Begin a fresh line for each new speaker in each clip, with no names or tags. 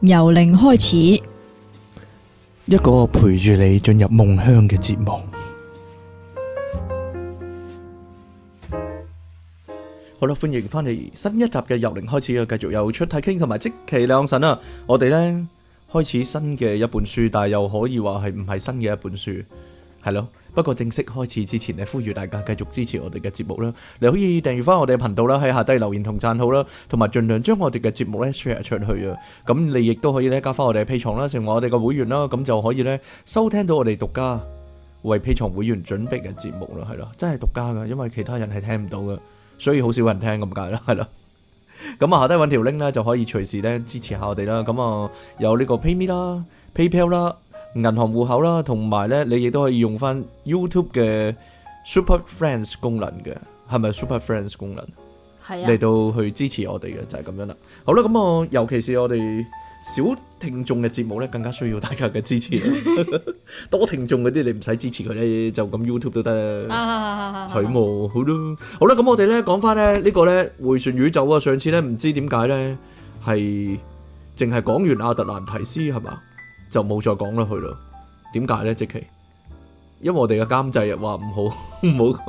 由零開始，
一個陪住你進入夢鄉嘅節目。好啦，歡迎翻嚟新一集嘅由零開始嘅繼續又出太傾同埋即其兩神啦。我哋呢開始新嘅一本書，但係又可以話係唔係新嘅一本書。係咯，不過正式開始之前咧，呼籲大家繼續支持我哋嘅節目啦。你可以訂閱翻我哋嘅頻道啦，喺下低留言同讚好啦，同埋盡量將我哋嘅節目咧 share 出去啊。咁你亦都可以咧加翻我哋嘅 pay 牆啦，成為我哋嘅會員啦，咁就可以咧收聽到我哋獨家為 pay 牆會員準備嘅節目啦。係咯，真係獨家噶，因為其他人係聽唔到噶，所以好少人聽咁解啦。係咯，咁 啊下低搵條 link 咧就可以隨時咧支持下我哋啦。咁啊有呢個 PayMe 啦，PayPal 啦。銀行戶口啦，同埋咧，你亦都可以用翻 YouTube 嘅 Super Friends 功能嘅，係咪 Super Friends 功能嚟、啊、到去支持我哋嘅？就係、是、咁樣啦。好啦，咁我尤其是我哋小聽眾嘅節目咧，更加需要大家嘅支持。 多聽眾嗰啲你唔使支持佢咧，就咁 YouTube 都得啦。
係
喎，好咯。好啦，咁我哋咧講翻咧呢個咧迴旋宇宙啊。上次咧唔知點解咧係淨係講完阿特蘭提斯係嘛？就冇再講啦，佢咯，點解咧？即期，因為我哋嘅監製話唔好，唔 好，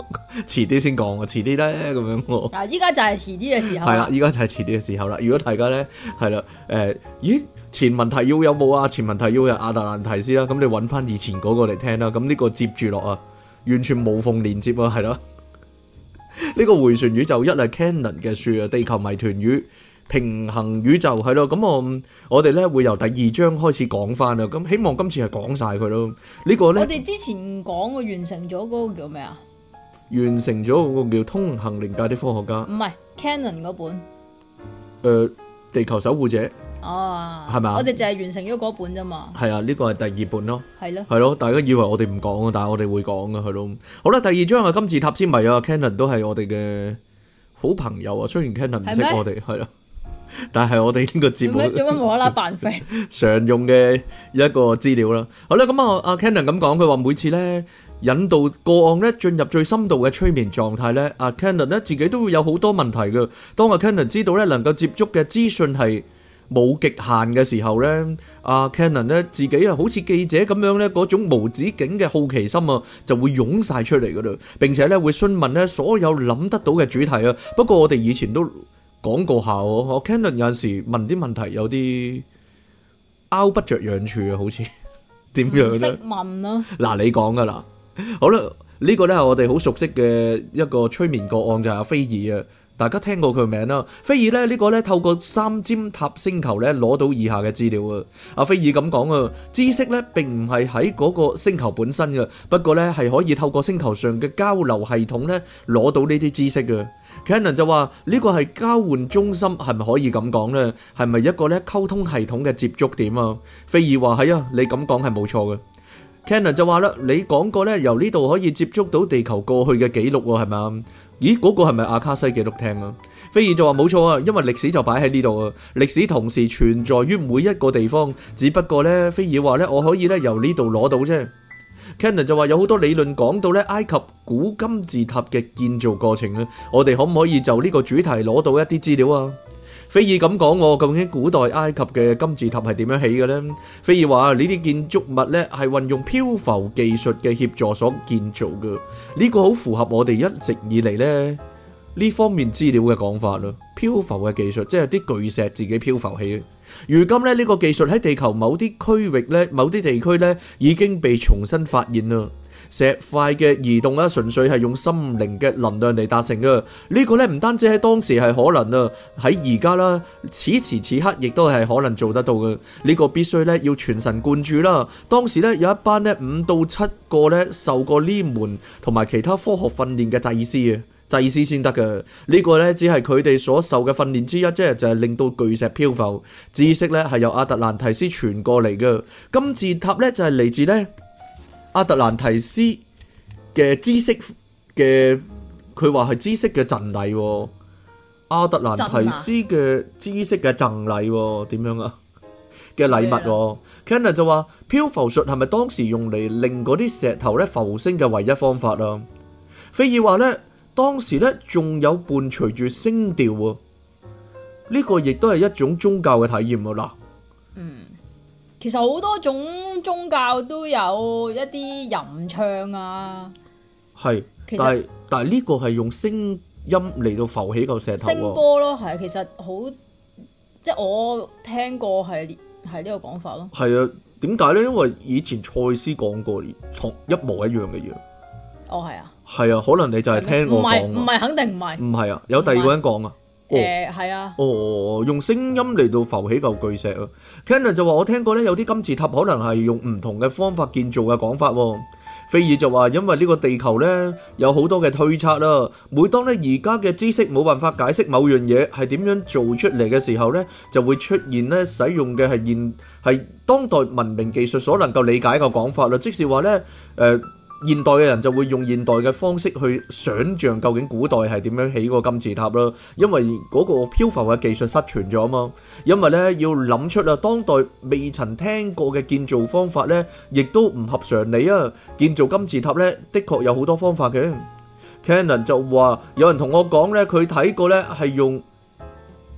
遲啲先講啊，遲啲咧，咁樣。嗱，
依家就係遲啲嘅時候。係啦，依
家就係遲啲嘅時候啦。如果大家咧，係啦，誒，咦，前文提要有冇啊？前文提要有亞特蘭提斯啦。咁你搵翻以前嗰個嚟聽啦。咁呢個接住落啊，完全無縫連接啊，係咯。呢 個迴旋宇宙就一係 Cannon 嘅書啊，地球謎團語。平衡宇宙係咯，咁我我哋咧會由第二章開始講翻啊！咁希望今次係講晒佢咯。這個、呢個咧，我哋
之前講嘅完成咗嗰個叫咩啊？
完成咗嗰個，個叫通行靈界啲科學家，
唔係 Cannon 嗰本。
誒、呃，地球守護者。
哦，係咪啊？吧我哋淨係完成咗嗰本啫嘛。
係啊，呢個係第二本咯。係咯的。係咯，大家以為我哋唔講啊，但係我哋會講㗎，係咯。好啦，第二章嘅金字塔之謎啊 Cannon 都係我哋嘅好朋友啊。雖然 Cannon 唔識我哋，係啦嗎。但係我哋呢個節目做乜做乜
無啦啦扮飛？
常用嘅一個資料啦。好啦，咁啊啊 Cannon 咁講，佢話每次咧引導個案咧進入最深度嘅催眠狀態咧，啊 Cannon 咧自己都會有好多問題㗎。當啊 Cannon 知道咧能夠接觸嘅資訊係冇極限嘅時候咧，啊 Cannon 咧自己啊好似記者咁樣咧嗰種無止境嘅好奇心啊就會湧曬出嚟㗎啦。並且咧會詢問咧所有諗得到嘅主題啊。不過我哋以前都講過下喎，我 Canon 有陣時問啲問題有啲拗不着樣處啊，好似點 樣咧呢？識
問咯。嗱，你
講噶啦。好啦，呢個咧係我哋好熟悉嘅一個催眠個案就係、是、阿菲爾啊。大家聽過佢名啦。菲爾呢呢、呢個呢，透過三尖塔星球呢攞到以下嘅資料啊。阿菲爾咁講啊，知識呢並唔係喺嗰個星球本身嘅，不過呢係可以透過星球上嘅交流系統呢攞到呢啲知識嘅。肯能就話呢個係交換中心，係咪可以咁講呢？係咪一個呢溝通系統嘅接觸點啊？菲爾話係啊，你咁講係冇錯嘅。Cannon 就話啦，你講過咧，由呢度可以接觸到地球過去嘅記錄喎，係咪？咦，嗰、那個係咪阿卡西記錄聽啊？菲爾就話冇錯啊，因為歷史就擺喺呢度啊。歷史同時存在於每一個地方，只不過咧，菲爾話咧，我可以咧由呢度攞到啫。Cannon 就話有好多理論講到咧埃及古金字塔嘅建造過程咧，我哋可唔可以就呢個主題攞到一啲資料啊？菲爾咁講，我究竟古代埃及嘅金字塔係點樣起嘅呢？菲爾話，呢啲建築物呢係運用漂浮技術嘅協助所建造嘅，呢個好符合我哋一直以嚟呢呢方面資料嘅講法咯。漂浮嘅技術即係啲巨石自己漂浮起。如今咧呢個技術喺地球某啲區域呢，某啲地區呢已經被重新發現啦。石塊嘅移動啊，純粹係用心靈嘅能量嚟達成嘅。呢個咧唔單止喺當時係可能啊，喺而家啦，此時此刻亦都係可能做得到嘅。呢個必須咧要全神貫注啦。當時咧有一班咧五到七個咧受過呢門同埋其他科學訓練嘅祭師啊，祭師先得嘅。呢個咧只係佢哋所受嘅訓練之一，即係就係令到巨石漂浮知識咧係由阿特蘭提斯傳過嚟嘅。金字塔咧就係嚟自咧。阿特蘭提斯嘅知識嘅，佢話係知識嘅贈禮。阿特蘭提斯嘅知識嘅贈禮，點樣啊？嘅 禮物、哦。Kenner 就話漂浮術係咪當時用嚟令嗰啲石頭咧浮升嘅唯一方法啊？菲爾話咧，當時咧仲有伴隨住聲調啊，呢、呢個亦都係一種宗教嘅體驗啦。嗯。
其實好多種宗教都有一啲吟唱啊，係，
其實，但係但係呢個係用聲音嚟到浮起嚿石頭，啊，聲波
咯，係其實好，即係我聽過係係呢個講法咯，係
啊，點解咧？因為以前蔡司講過同一模一樣嘅嘢，
哦係啊，
係啊，可能你就係聽過我講，唔係唔係
肯定唔係，
唔係啊，有第二個人講啊。誒係啊！哦哦哦，用聲音嚟到浮起嚿巨石啊！Cannon 就話：我聽過咧，有啲金字塔可能係用唔同嘅方法建造嘅講法。飛爾就話：因為呢個地球咧有好多嘅推測啦。每當咧而家嘅知識冇辦法解釋某樣嘢係點樣做出嚟嘅時候咧，就會出現咧使用嘅係現係當代文明技術所能夠理解嘅講法啦。即是話咧誒。現代嘅人就會用現代嘅方式去想像究竟古代係點樣起個金字塔咯，因為嗰個漂浮嘅技術失傳咗啊嘛。因為咧要諗出啊，當代未曾聽過嘅建造方法咧，亦都唔合常理啊。建造金字塔咧，的確有好多方法嘅。Cannon 就話：有人同我講咧，佢睇過咧係用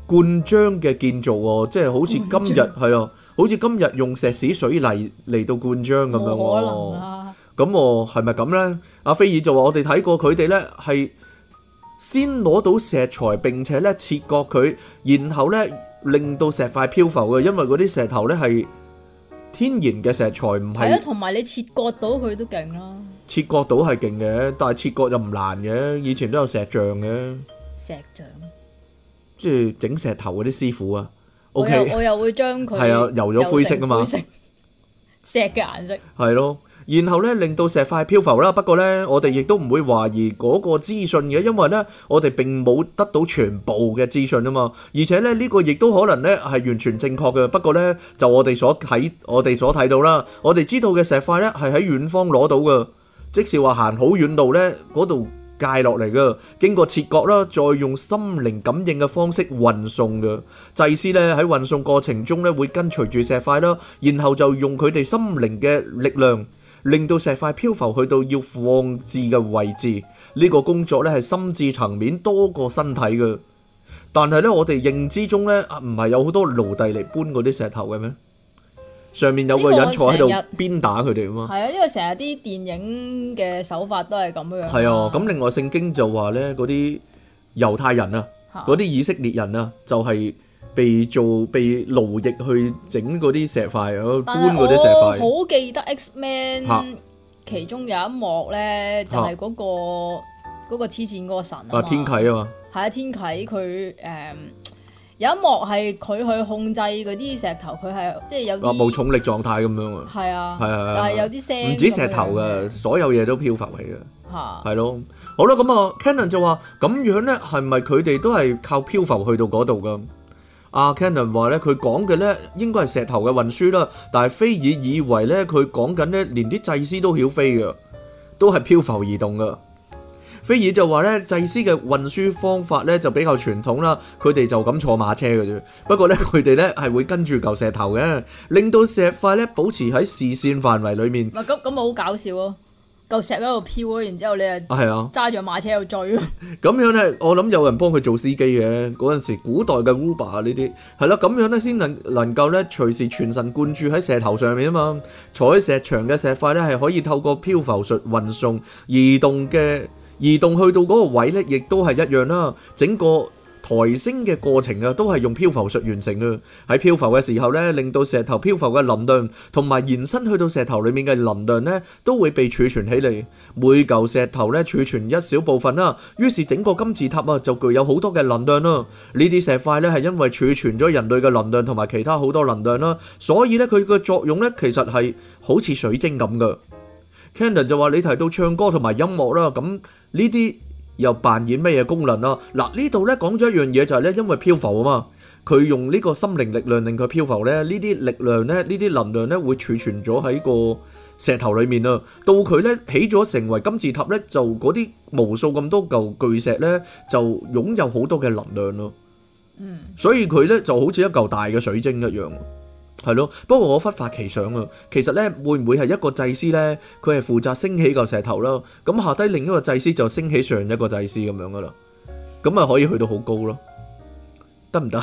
灌漿嘅建造喎，即係好似今日係啊，好似今日用石屎水泥嚟到灌漿咁樣喎。咁我係咪咁咧？阿菲爾就話，我哋睇過佢哋咧，係先攞到石材，並且咧切割佢，然後咧令到石塊漂浮嘅，因為嗰啲石頭咧係天然嘅石材，唔係。係啊，
同埋你切割到佢都勁囉。
切割到係勁嘅，但係切割又唔難嘅，以前都有石像嘅。
石像，即
係整石頭嗰啲師傅啊。OK。我又我
又會將佢係啊，油咗灰色啊嘛。石嘅顏色
係咯，然後咧令到石塊漂浮啦。不過咧，我哋亦都唔會懷疑嗰個資訊嘅，因為咧我哋並冇得到全部嘅資訊啊嘛。而且咧呢個亦都可能咧係完全正確嘅。不過咧就我哋所睇，我哋所睇到啦，我哋知道嘅石塊咧係喺遠方攞到嘅，即是話行好遠路咧嗰度。界落嚟噶，經過切割啦，再用心靈感應嘅方式運送嘅。祭司咧喺運送過程中咧會跟隨住石塊啦，然後就用佢哋心靈嘅力量，令到石塊漂浮去到要放置嘅位置。呢、這個工作咧係心智層面多過身體嘅。但係咧我哋認知中咧唔係有好多奴隸嚟搬嗰啲石頭嘅咩？上面有個人坐喺度鞭打佢哋啊嘛，係啊、
嗯，因為成日啲電影嘅手法都係咁樣。係啊，
咁另外聖經就話咧，嗰啲猶太人啊，嗰啲、啊、以色列人啊，就係、是、被做被奴役去整嗰啲石塊，但是 搬嗰啲石塊。我好
記得 X Man 其中有一幕咧，就係、是、嗰、那個黐線嗰個神啊，天啟啊嘛，係啊，嗯、天啟佢誒。嗯有一幕係佢去控制嗰啲石頭，佢係即係有個無重
力狀態咁樣啊？
係啊，係係啊。但係有啲聲。唔止石頭嘅，
所有嘢都漂浮起嘅，係咯、啊啊啊。好啦，咁啊，Cannon 就話：咁樣咧，係咪佢哋都係靠漂浮去到嗰度噶？啊、ah,，Cannon 話咧，佢講嘅咧應該係石頭嘅運輸啦，但係菲爾以為咧佢講緊咧，連啲祭司都曉飛嘅，都係漂浮移動嘅。菲爾就話咧，祭司嘅運輸方法咧就比較傳統啦，佢哋就咁坐馬車嘅啫。不過咧，佢哋咧係會跟住嚿石頭嘅，令到石塊咧保持喺視線範圍裏面。
咁咁、啊，好搞笑咯！嚿石喺度飄咯，然之後你啊，係啊，揸住馬車度追咯。
咁 樣咧，我諗有人幫佢做司機嘅嗰陣時，古代嘅 Uber、啊、呢啲係咯，咁樣咧先能能夠咧隨時全神貫注喺石頭上面啊嘛。坐喺石場嘅石塊咧係可以透過漂浮術運送移動嘅。移動去到嗰個位咧，亦都係一樣啦。整個抬升嘅過程啊，都係用漂浮術完成嘅。喺漂浮嘅時候咧，令到石頭漂浮嘅能量同埋延伸去到石頭裡面嘅能量咧，都會被儲存起嚟。每嚿石頭咧儲存一小部分啦，於是整個金字塔啊就具有好多嘅能量啦。呢啲石塊咧係因為儲存咗人類嘅能量同埋其他好多能量啦，所以咧佢嘅作用咧其實係好似水晶咁嘅。Cannon 就話：你提到唱歌同埋音樂啦，咁呢啲又扮演咩嘢功能啊？嗱，呢度咧講咗一樣嘢，就係咧，因為漂浮啊嘛，佢用呢個心靈力量令佢漂浮咧，呢啲力量咧，呢啲能量咧，會儲存咗喺個石頭裡面啊。到佢咧起咗成為金字塔咧，就嗰啲無數咁多嚿巨石咧，就擁有好多嘅能量咯。嗯，所以佢咧就好似一嚿大嘅水晶一樣。係咯，不過我忽發奇想啊，其實咧會唔會係一個祭司咧，佢係負責升起嚿石頭啦，咁下低另一個祭司就升起上一個祭司咁樣噶啦，咁咪可以去到好高咯，得唔得？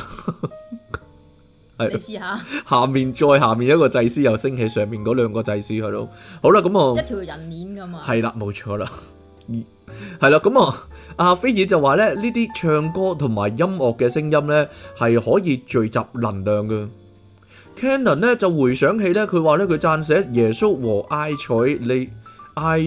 係 了你試
下，
下面再下面一個祭司又升起上面嗰兩個祭司，係咯，好啦，咁啊，一
條人鏈噶嘛，係
啦，冇錯啦，係 啦，咁啊，阿菲爾就話咧，呢啲唱歌同埋音樂嘅聲音咧，係可以聚集能量噶。Cannon 咧就回想起咧，佢話咧，佢撰寫耶穌和艾賽利艾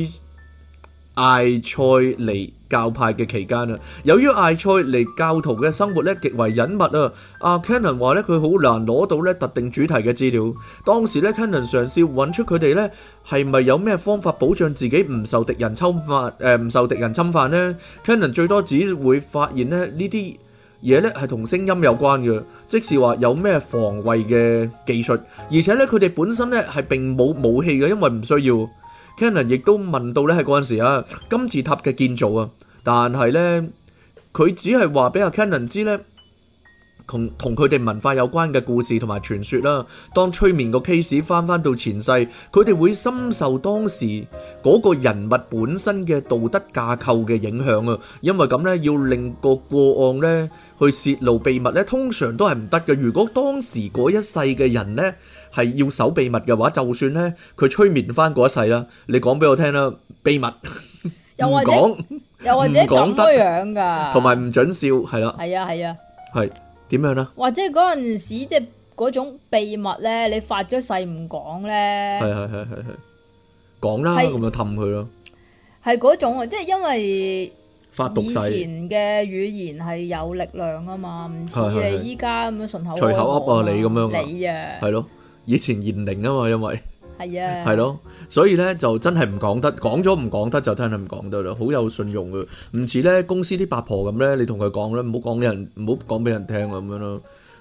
艾賽尼教派嘅期間啦。由於艾賽尼教徒嘅生活咧極為隱密啊，阿 Cannon 話咧，佢好難攞到咧特定主題嘅資料。當時咧 Cannon 嘗試揾出佢哋咧係咪有咩方法保障自己唔受敵人侵犯，誒唔受敵人侵犯咧。Cannon 最多只會發現咧呢啲嘢咧係同聲音有關嘅，即是話有咩防衛嘅技術，而且咧佢哋本身咧係並冇武器嘅，因為唔需要。Cannon 亦都問到咧係嗰陣時啊，金字塔嘅建造啊，但係咧佢只係話俾阿 Cannon 知咧。同同佢哋文化有關嘅故事同埋傳說啦。當催眠個 case 翻翻到前世，佢哋會深受當時嗰個人物本身嘅道德架構嘅影響啊。因為咁呢，要令個個案呢去泄露秘密呢，通常都係唔得嘅。如果當時嗰一世嘅人呢係要守秘密嘅話，就算呢佢催眠翻嗰一世啦，你講俾我聽啦，秘密，
唔講，又或者講得樣噶，同
埋唔准笑，係啦，係啊，係啊，係。點樣呢？
或者嗰陣時即係嗰種秘密咧，你發咗誓唔講咧？係係係
係係，講啦，咁就氹佢咯。
係嗰種啊，即係因為
發以前
嘅語言係有力量啊嘛，唔似你依家咁樣隨口噏啊你咁樣啊？你，你啊，係
咯，以前言靈啊嘛，因為。係啊，係咯，所以咧就真係唔講得，講咗唔講得就真係唔講得啦，好有信用嘅，唔似咧公司啲八婆咁咧，你同佢講咧，唔好講俾人，唔好講俾人聽咁樣咯。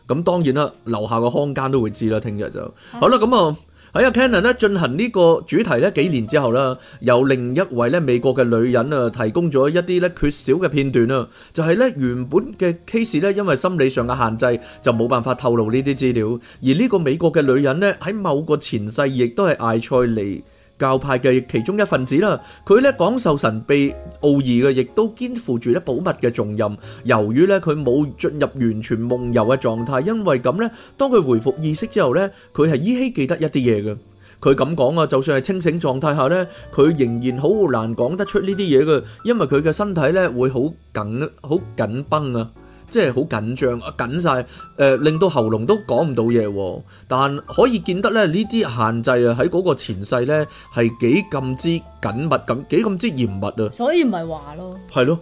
咁當然啦，樓下個空間都會知啦，聽日就、嗯、好啦。咁啊喺阿 Cannon 咧進行呢個主題咧幾年之後啦，有另一位咧美國嘅女人啊提供咗一啲咧缺少嘅片段啊，就係、是、咧原本嘅 case 咧因為心理上嘅限制就冇辦法透露呢啲資料，而呢個美國嘅女人咧喺某個前世亦都係艾塞尼。教派嘅其中一份子啦，佢咧講授神秘奧義嘅，亦都肩負住咧保密嘅重任。由於咧佢冇進入完全夢遊嘅狀態，因為咁呢，當佢回復意識之後呢，佢係依稀記得一啲嘢嘅。佢咁講啊，就算係清醒狀態下呢，佢仍然好難講得出呢啲嘢嘅，因為佢嘅身體咧會好緊好緊繃啊。即係好緊張，緊晒，誒、呃、令到喉嚨都講唔到嘢。但可以見得咧，呢啲限制啊喺嗰個前世咧係幾咁之緊密咁，幾咁之嚴密啊。所
以唔係話咯，
係咯。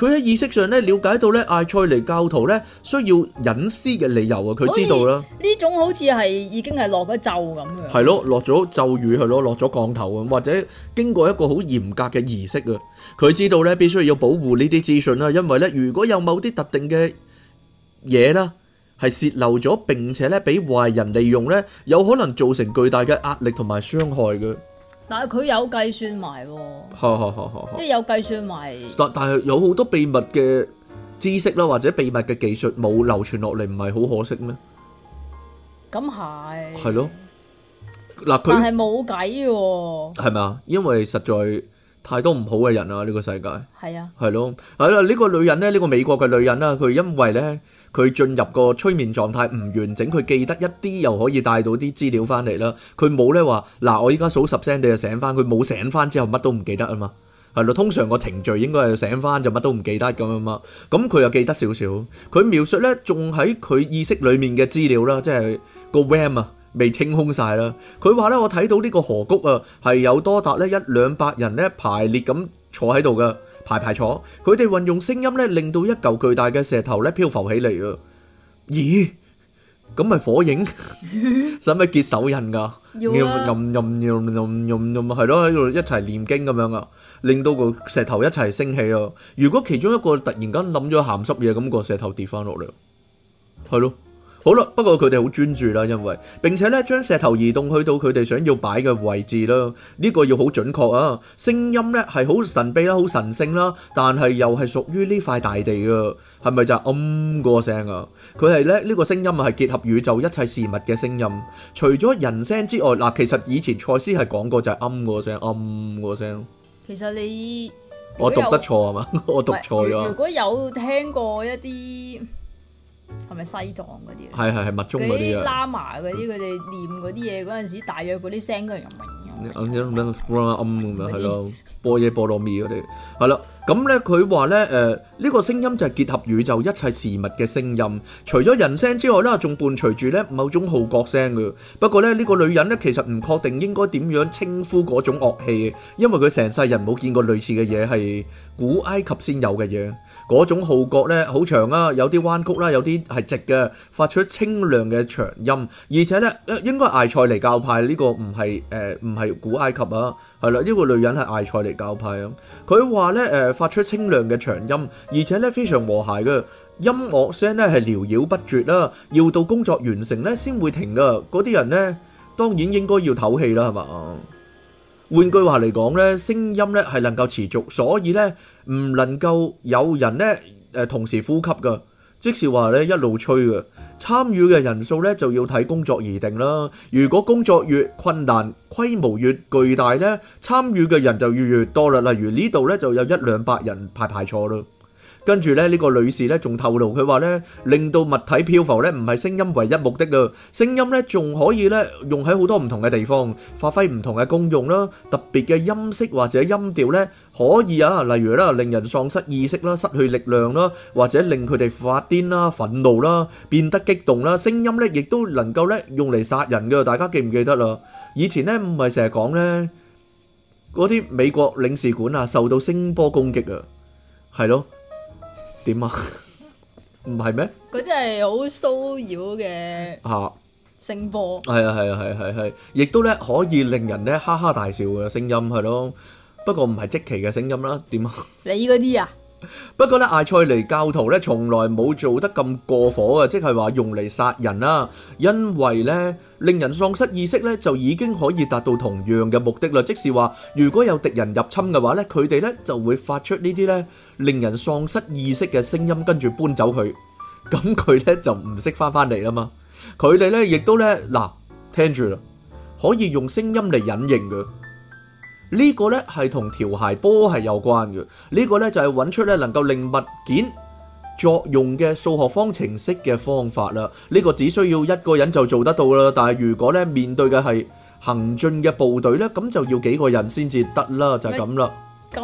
佢喺意識上咧瞭解到咧，艾塞尼教徒咧需要隱私嘅理由啊，佢知道啦。
呢種好似係已經係落咗咒咁嘅。係
咯，落咗咒語，係咯，落咗降頭啊，或者經過一個好嚴格嘅儀式啊。佢知道咧必須要保護呢啲資訊啦，因為咧如果有某啲特定嘅嘢啦，係洩漏咗並且咧俾壞人利用咧，有可能造成巨大嘅壓力同埋傷害嘅。
但係佢有計算埋，係係
係係，
即係 晉 ek 有計算埋 晉 ek。
但但係有好多秘密嘅知識啦，或者秘密嘅技術冇流傳落嚟，唔係好可惜咩？
咁係
係咯。嗱，佢係
冇計嘅，
係咪啊？因為實在，太多唔好嘅人啦！呢個世界係啊，係咯，係啦。呢個女人咧，呢個美國嘅女人啦，佢因為咧，佢進入個催眠狀態唔完整，佢記得一啲又可以帶到啲資料翻嚟啦。佢冇咧話，嗱，我而家數十聲你就醒翻，佢冇醒翻之後乜都唔記得啊嘛。係咯，通常個程序應該係醒翻就乜都唔記得咁啊嘛。咁佢又記得少少，佢描述咧仲喺佢意識裡面嘅資料啦，即係個咩啊？未清空晒啦！佢話咧，我睇到呢個河谷啊，係有多達咧一兩百人咧排列咁坐喺度㗎，排排坐。佢哋運用聲音咧，令到一嚿巨大嘅石頭咧漂浮起嚟啊！咦？咁咪火影使咩結手印㗎？又啊！吟吟吟吟吟吟，係咯喺度一齊唸經咁樣啊，令到個石頭一齊升起啊！如果其中一個突然間諗咗鹹濕嘢，咁個石頭跌翻落嚟，係咯。好啦，不過佢哋好專注啦，因為並且咧將石頭移動去到佢哋想要擺嘅位置啦，呢個要好準確啊。聲音咧係好神秘啦，好神聖啦，但係又係屬於呢塊大地噶，係咪就係嗡個聲啊？佢係咧，呢個聲音係結合宇宙一切事物嘅聲音，除咗人聲之外，嗱，其實以前賽斯係講過就係嗡個聲，嗡個聲。
其實你我讀得錯
啊嘛，我讀錯咗。如果
有聽過一啲。係咪西藏嗰啲啊？
係係係密宗嗰啲喇
嘛嗰啲佢哋念嗰啲嘢嗰陣時，大約嗰啲聲嗰陣時。
暗音咁樣，咁樣係咯，波耶波羅蜜嗰啲係啦。咁咧佢話咧，誒呢個聲音就係結合宇宙一切事物嘅聲音，除咗人聲之外咧，仲伴隨住咧某種號角聲嘅。不過咧，呢個女人咧其實唔確定應該點樣稱呼嗰種樂器，因為佢成世人冇見過類似嘅嘢，係古埃及先有嘅嘢。嗰種號角咧，好長啊，有啲彎曲啦，有啲係直嘅，發出清亮嘅長音，而且咧，應該埃塞尼教派呢個唔係誒唔係。古埃及啊，係啦，呢個女人係埃塞利教派啊。佢話咧，誒，發出清亮嘅長音，而且咧非常和諧嘅音樂聲咧係繚繞不絕啦。要到工作完成咧先會停噶。嗰啲人咧當然應該要唞氣啦，係嘛。換句話嚟講咧，聲音咧係能夠持續，所以咧唔能夠有人咧誒同時呼吸噶。即是話咧，一路吹嘅參與嘅人數咧，就要睇工作而定啦。如果工作越困難，規模越巨大咧，參與嘅人就越越多啦。例如呢度咧，就有一兩百人排排坐咯。跟住咧，呢個女士咧仲透露佢話咧，令到物體漂浮咧，唔係聲音唯一目的啊！聲音咧仲可以咧用喺好多唔同嘅地方，發揮唔同嘅功用啦。特別嘅音色或者音調咧，可以啊，例如啦，令人喪失意識啦，失去力量啦，或者令佢哋發癲啦、憤怒啦、變得激動啦。聲音咧亦都能夠咧用嚟殺人嘅，大家記唔記得啦？以前咧唔係成日講咧，嗰啲美國領事館啊受到聲波攻擊啊，係咯。點啊？唔係咩？
嗰啲係好騷擾嘅，啊，聲波係
啊係啊係係係，亦都咧可以令人咧哈哈大笑嘅聲音係咯，啊、不過唔係積極嘅聲音啦。點啊？
你嗰啲啊？
不過，艾塞尼教徒從來冇做得咁過火，即係話用嚟殺人，因為令人喪失意識就已經可以達到同樣嘅目的，即係話如果有敵人入侵嘅話，佢哋就會發出呢啲令人喪失意識嘅聲音跟住搬走佢，咁佢就唔識返返嚟喇嘛，佢哋也嗱，聽住喇，可以用聲音嚟隱形嘅。呢個咧係同調諧波係有關嘅，呢個咧就係揾出咧能夠令物件作用嘅數學方程式嘅方法啦。呢個只需要一個人就做得到啦，但係如果咧面對嘅係行進嘅部隊咧，咁就要幾個人先至得啦，就係咁啦。
咁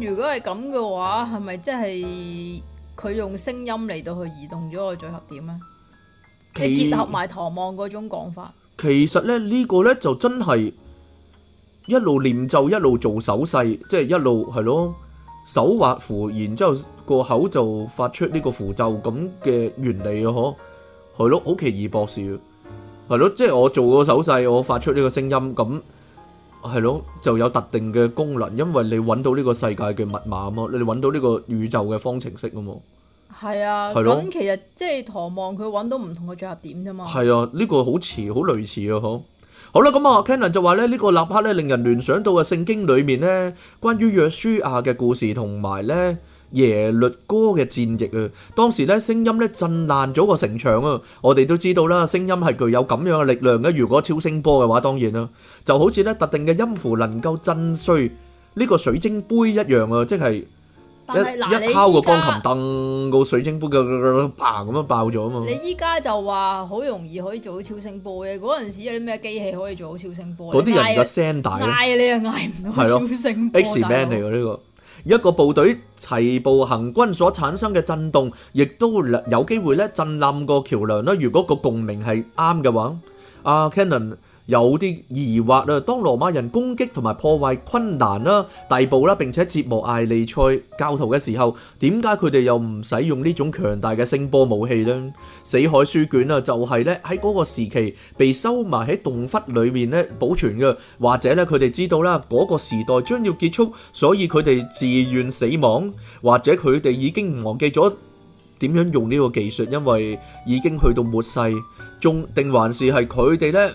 如果係咁嘅話，係咪即係佢用聲音嚟到去移動咗個聚合點啊？即結合埋唐望嗰種講法。
其實咧，呢個咧就真係。一路念咒，一路做手勢，即係一路係咯，手畫符，然之後個口就發出呢個符咒咁嘅原理啊，嗬，係咯，好奇異博士，係咯，即係我做個手勢，我發出呢個聲音，咁係咯，就有特定嘅功能，因為你揾到呢個世界嘅密碼啊嘛，你哋揾到呢個宇宙嘅方程式啊嘛，
係啊，咁其實即係唐望佢揾到唔同嘅聚合點啫嘛，係
啊，呢、這個好似好類似啊，嗬。好啦，咁啊 Cannon 就話咧，呢個立刻咧令人聯想到嘅聖經裡面咧關於約書亞嘅故事同埋咧耶律哥嘅戰役啊，當時咧聲音咧震爛咗個城牆啊，我哋都知道啦，聲音係具有咁樣嘅力量嘅，如果超聲波嘅話，當然啦，就好似咧特定嘅音符能夠震碎呢個水晶杯一樣啊，即係。
一一敲個鋼琴
凳個水晶杯嘅嘅啪咁樣爆咗啊嘛！你
依家就話好容易可以做到超聲波嘅，嗰陣時有啲咩機器可以做到超聲波？嗰啲人嘅聲大，嗌你又嗌唔到超聲波。哦、X man 嚟
嘅呢個 一個部隊齊步行軍所產生嘅震動，亦都有機會咧震冧個橋梁啦。如果個共鳴係啱嘅話，阿、啊、Canon。有啲疑惑啦，當羅馬人攻擊同埋破壞昆蘭啦、逮捕啦，並且折磨艾尼塞教徒嘅時候，點解佢哋又唔使用呢種強大嘅聲波武器咧？死海書卷啊，就係咧喺嗰個時期被收埋喺洞窟裏面咧保存嘅，或者咧佢哋知道啦嗰個時代將要結束，所以佢哋自願死亡，或者佢哋已經忘記咗點樣用呢個技術，因為已經去到末世，仲定還是係佢哋咧？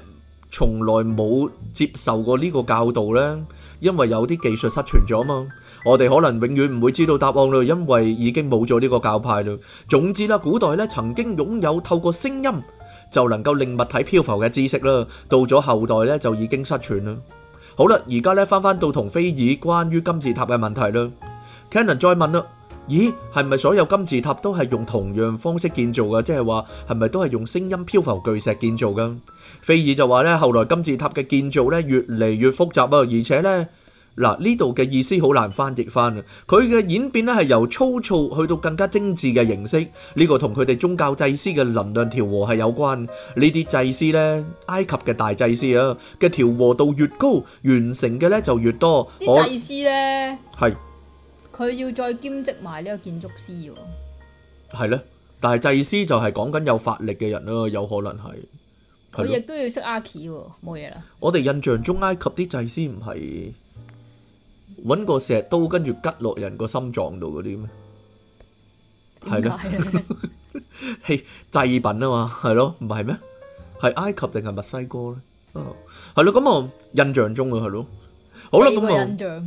從來冇接受過呢個教導咧，因為有啲技術失傳咗啊嘛，我哋可能永遠唔會知道答案咯，因為已經冇咗呢個教派咯。總之啦，古代咧曾經擁有透過聲音就能夠令物體漂浮嘅知識啦，到咗後代咧就已經失傳啦。好啦，而家咧返返到同菲爾關於金字塔嘅問題啦，Canon 再問啦。咦，係咪所有金字塔都係用同樣方式建造㗎？
佢要再兼職埋呢個建築師喎，
係咧，但係祭司就係講緊有法力嘅人咯，有可能係佢亦
都要識阿奇喎，冇嘢啦。
我哋印象中埃及啲祭司唔係揾個石刀跟住吉落人個心臟度嗰啲咩？係咧為何 的，係 祭品啊嘛，係咯，唔係咩？係埃及定係墨西哥咧？啊、哦，係咯，咁我印象中嘅係咯，好啦，咁我。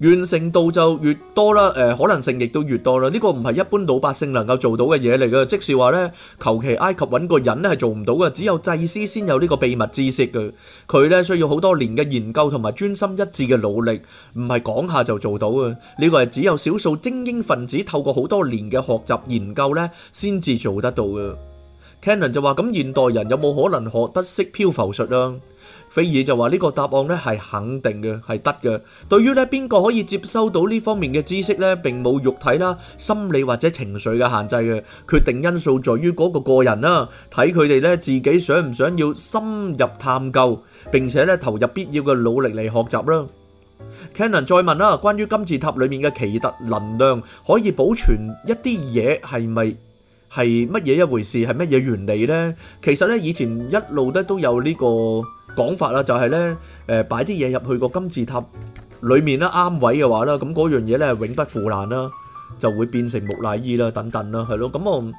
完成度就越多啦，誒、呃、可能性亦都越多啦。呢、呢個唔係一般老百姓能夠做到嘅嘢嚟嘅。即是話呢，求其埃及揾個人咧係做唔到嘅，只有祭司先有呢個秘密知識嘅。佢呢需要好多年嘅研究同埋專心一致嘅努力，唔係講下就做到嘅。呢、呢個係只有少數精英分子透過好多年嘅學習研究呢先至做得到嘅。Cannon 就話：咁現代人有冇可能學得識漂浮術啊？菲爾就話：呢個答案呢係肯定嘅，係得嘅。對於呢，邊個可以接收到呢方面嘅知識呢？並冇肉體啦、心理或者情緒嘅限制嘅。決定因素在於嗰個個人啦，睇佢哋呢自己想唔想要深入探究，並且呢投入必要嘅努力嚟學習啦。Cannon 再問啦：關於金字塔裡面嘅奇特能量，可以保存一啲嘢係咪？係乜嘢一回事？係乜嘢原理咧？其實咧，以前一路咧都有呢個講法啦，就係咧，誒擺啲嘢入去個金字塔裡面啦，啱位嘅話啦，咁嗰樣嘢咧係永不腐爛啦，就會變成木乃伊啦，等等啦，係咯。咁我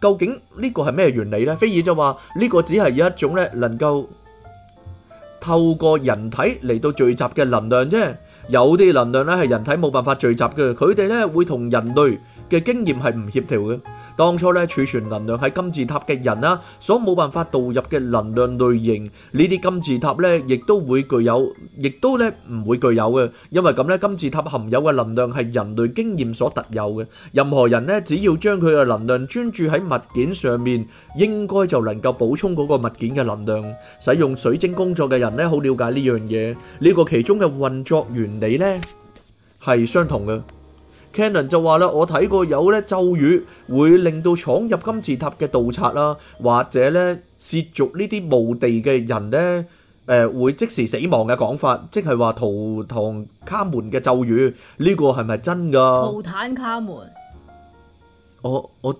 究竟呢個係咩原理咧？菲爾就話呢個只係一種咧能夠。透過人體嚟到聚集嘅能量啫，有啲能量咧係人體冇辦法聚集嘅，佢哋咧會同人類嘅經驗係唔協調嘅。當初咧儲存能量喺金字塔嘅人啦，所冇辦法導入嘅能量類型，呢啲金字塔咧亦都會具有，亦都咧唔會具有嘅，因為咁咧金字塔含有嘅能量係人類經驗所特有嘅。任何人咧，只要將佢嘅能量專注喺物件上面，應該就能夠補充嗰個物件嘅能量。使用水晶工作嘅人咧好了解呢樣嘢，呢個其中嘅運作原理呢係相同嘅。Cannon 就話啦，我睇過有呢咒語會令到闖入金字塔嘅盜賊啦，或者呢涉足呢啲墓地嘅人呢，誒會即時死亡嘅講法，即係話圖坦卡門嘅咒語，呢個係咪真噶圖
坦卡門，
我我。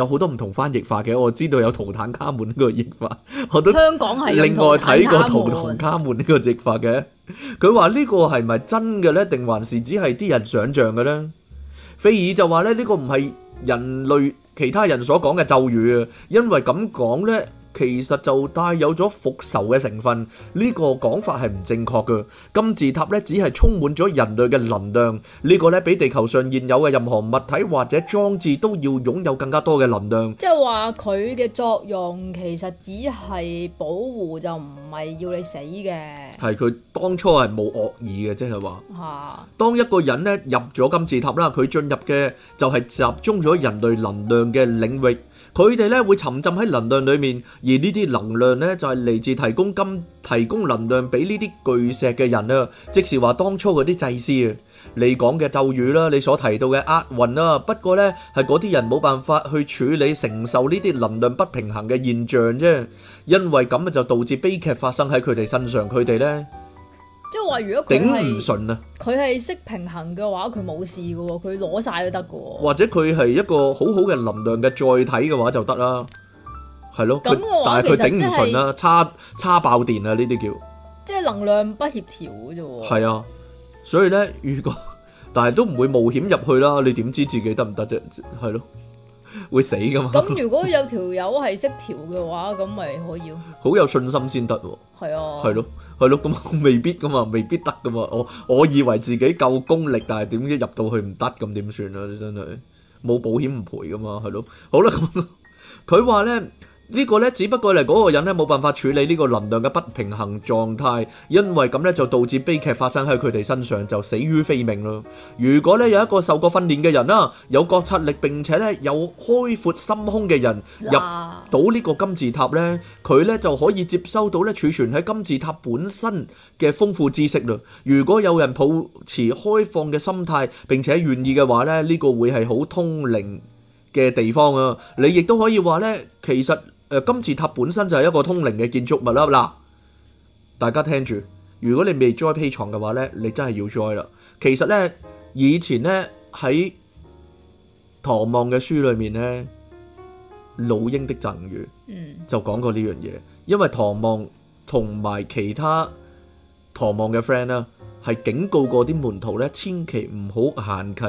有好多唔同翻譯法嘅，我知道有圖坦卡門呢個譯法，我都另外睇過圖坦卡門呢個譯法嘅。佢話呢個係咪真嘅呢？定還是只係啲人想象嘅呢？菲爾就話咧，呢個唔係人類其他人所講嘅咒語啊，因為咁講呢。其實就帶有咗復仇嘅成分，呢個講法係唔正確嘅。金字塔咧只係充滿咗人類嘅能量，呢個咧比地球上現有嘅任何物體或者裝置都要擁有更加多嘅能量。
即係話佢嘅作用其實只係保護，就唔係要你死嘅。
係佢當初係冇惡意嘅，即係話。
嚇！
當一個人咧入咗金字塔啦，佢進入嘅就係集中咗人類能量嘅領域，佢哋咧會沉浸喺能量裡面。而呢啲能量呢，就係嚟自提供金提供能量俾呢啲巨石嘅人啊，即是話當初嗰啲祭司啊，你講嘅咒語啦，你所提到嘅厄運啦，不過呢係嗰啲人冇辦法去處理承受呢啲能量不平衡嘅現象啫，因為咁啊就導致悲劇發生喺佢哋身上，佢哋呢
即係話如果頂唔順啊，佢係識平衡嘅話，佢冇事噶，佢攞晒都得噶，
或者佢係一個好好嘅能量嘅載體嘅話就得啦。係咯，但係佢頂唔順啦，差差爆電啊！呢啲叫
即係能量不協調嘅啫。係
啊，所以咧，如果但係都唔會冒險入去啦。你點知自己得唔得啫？係咯，會死噶嘛。咁如
果有條友係識調嘅話，咁咪可以
好有信心先得。係啊，係咯，係咯，咁未必噶嘛，未必得噶嘛。我我以為自己夠功力，但係點知入到去唔得，咁點算啊？你真係冇保險唔賠噶嘛？係咯，好啦，咁佢話咧。呢個呢，只不過係嗰個人呢冇辦法處理呢個能量嘅不平衡狀態，因為咁呢就導致悲劇發生喺佢哋身上，就死於非命咯。如果呢有一個受過訓練嘅人啦，有覺察力並且呢有開闊心胸嘅人入到呢個金字塔呢，佢呢就可以接收到呢儲存喺金字塔本身嘅豐富知識咯。如果有人抱持開放嘅心態並且願意嘅話呢，呢個會係好通靈嘅地方啊。你亦都可以話呢，其實。金字塔本身就係一個通靈嘅建築物啦。嗱，大家聽住，如果你未 join Patreon 嘅話咧，你真係要 join 啦。其實咧，以前咧喺唐望嘅書裏面咧，《老鷹的贈語》就講過呢樣嘢，嗯、因為唐望同埋其他唐望嘅 friend 啦，係警告過啲門徒咧，千祈唔好行近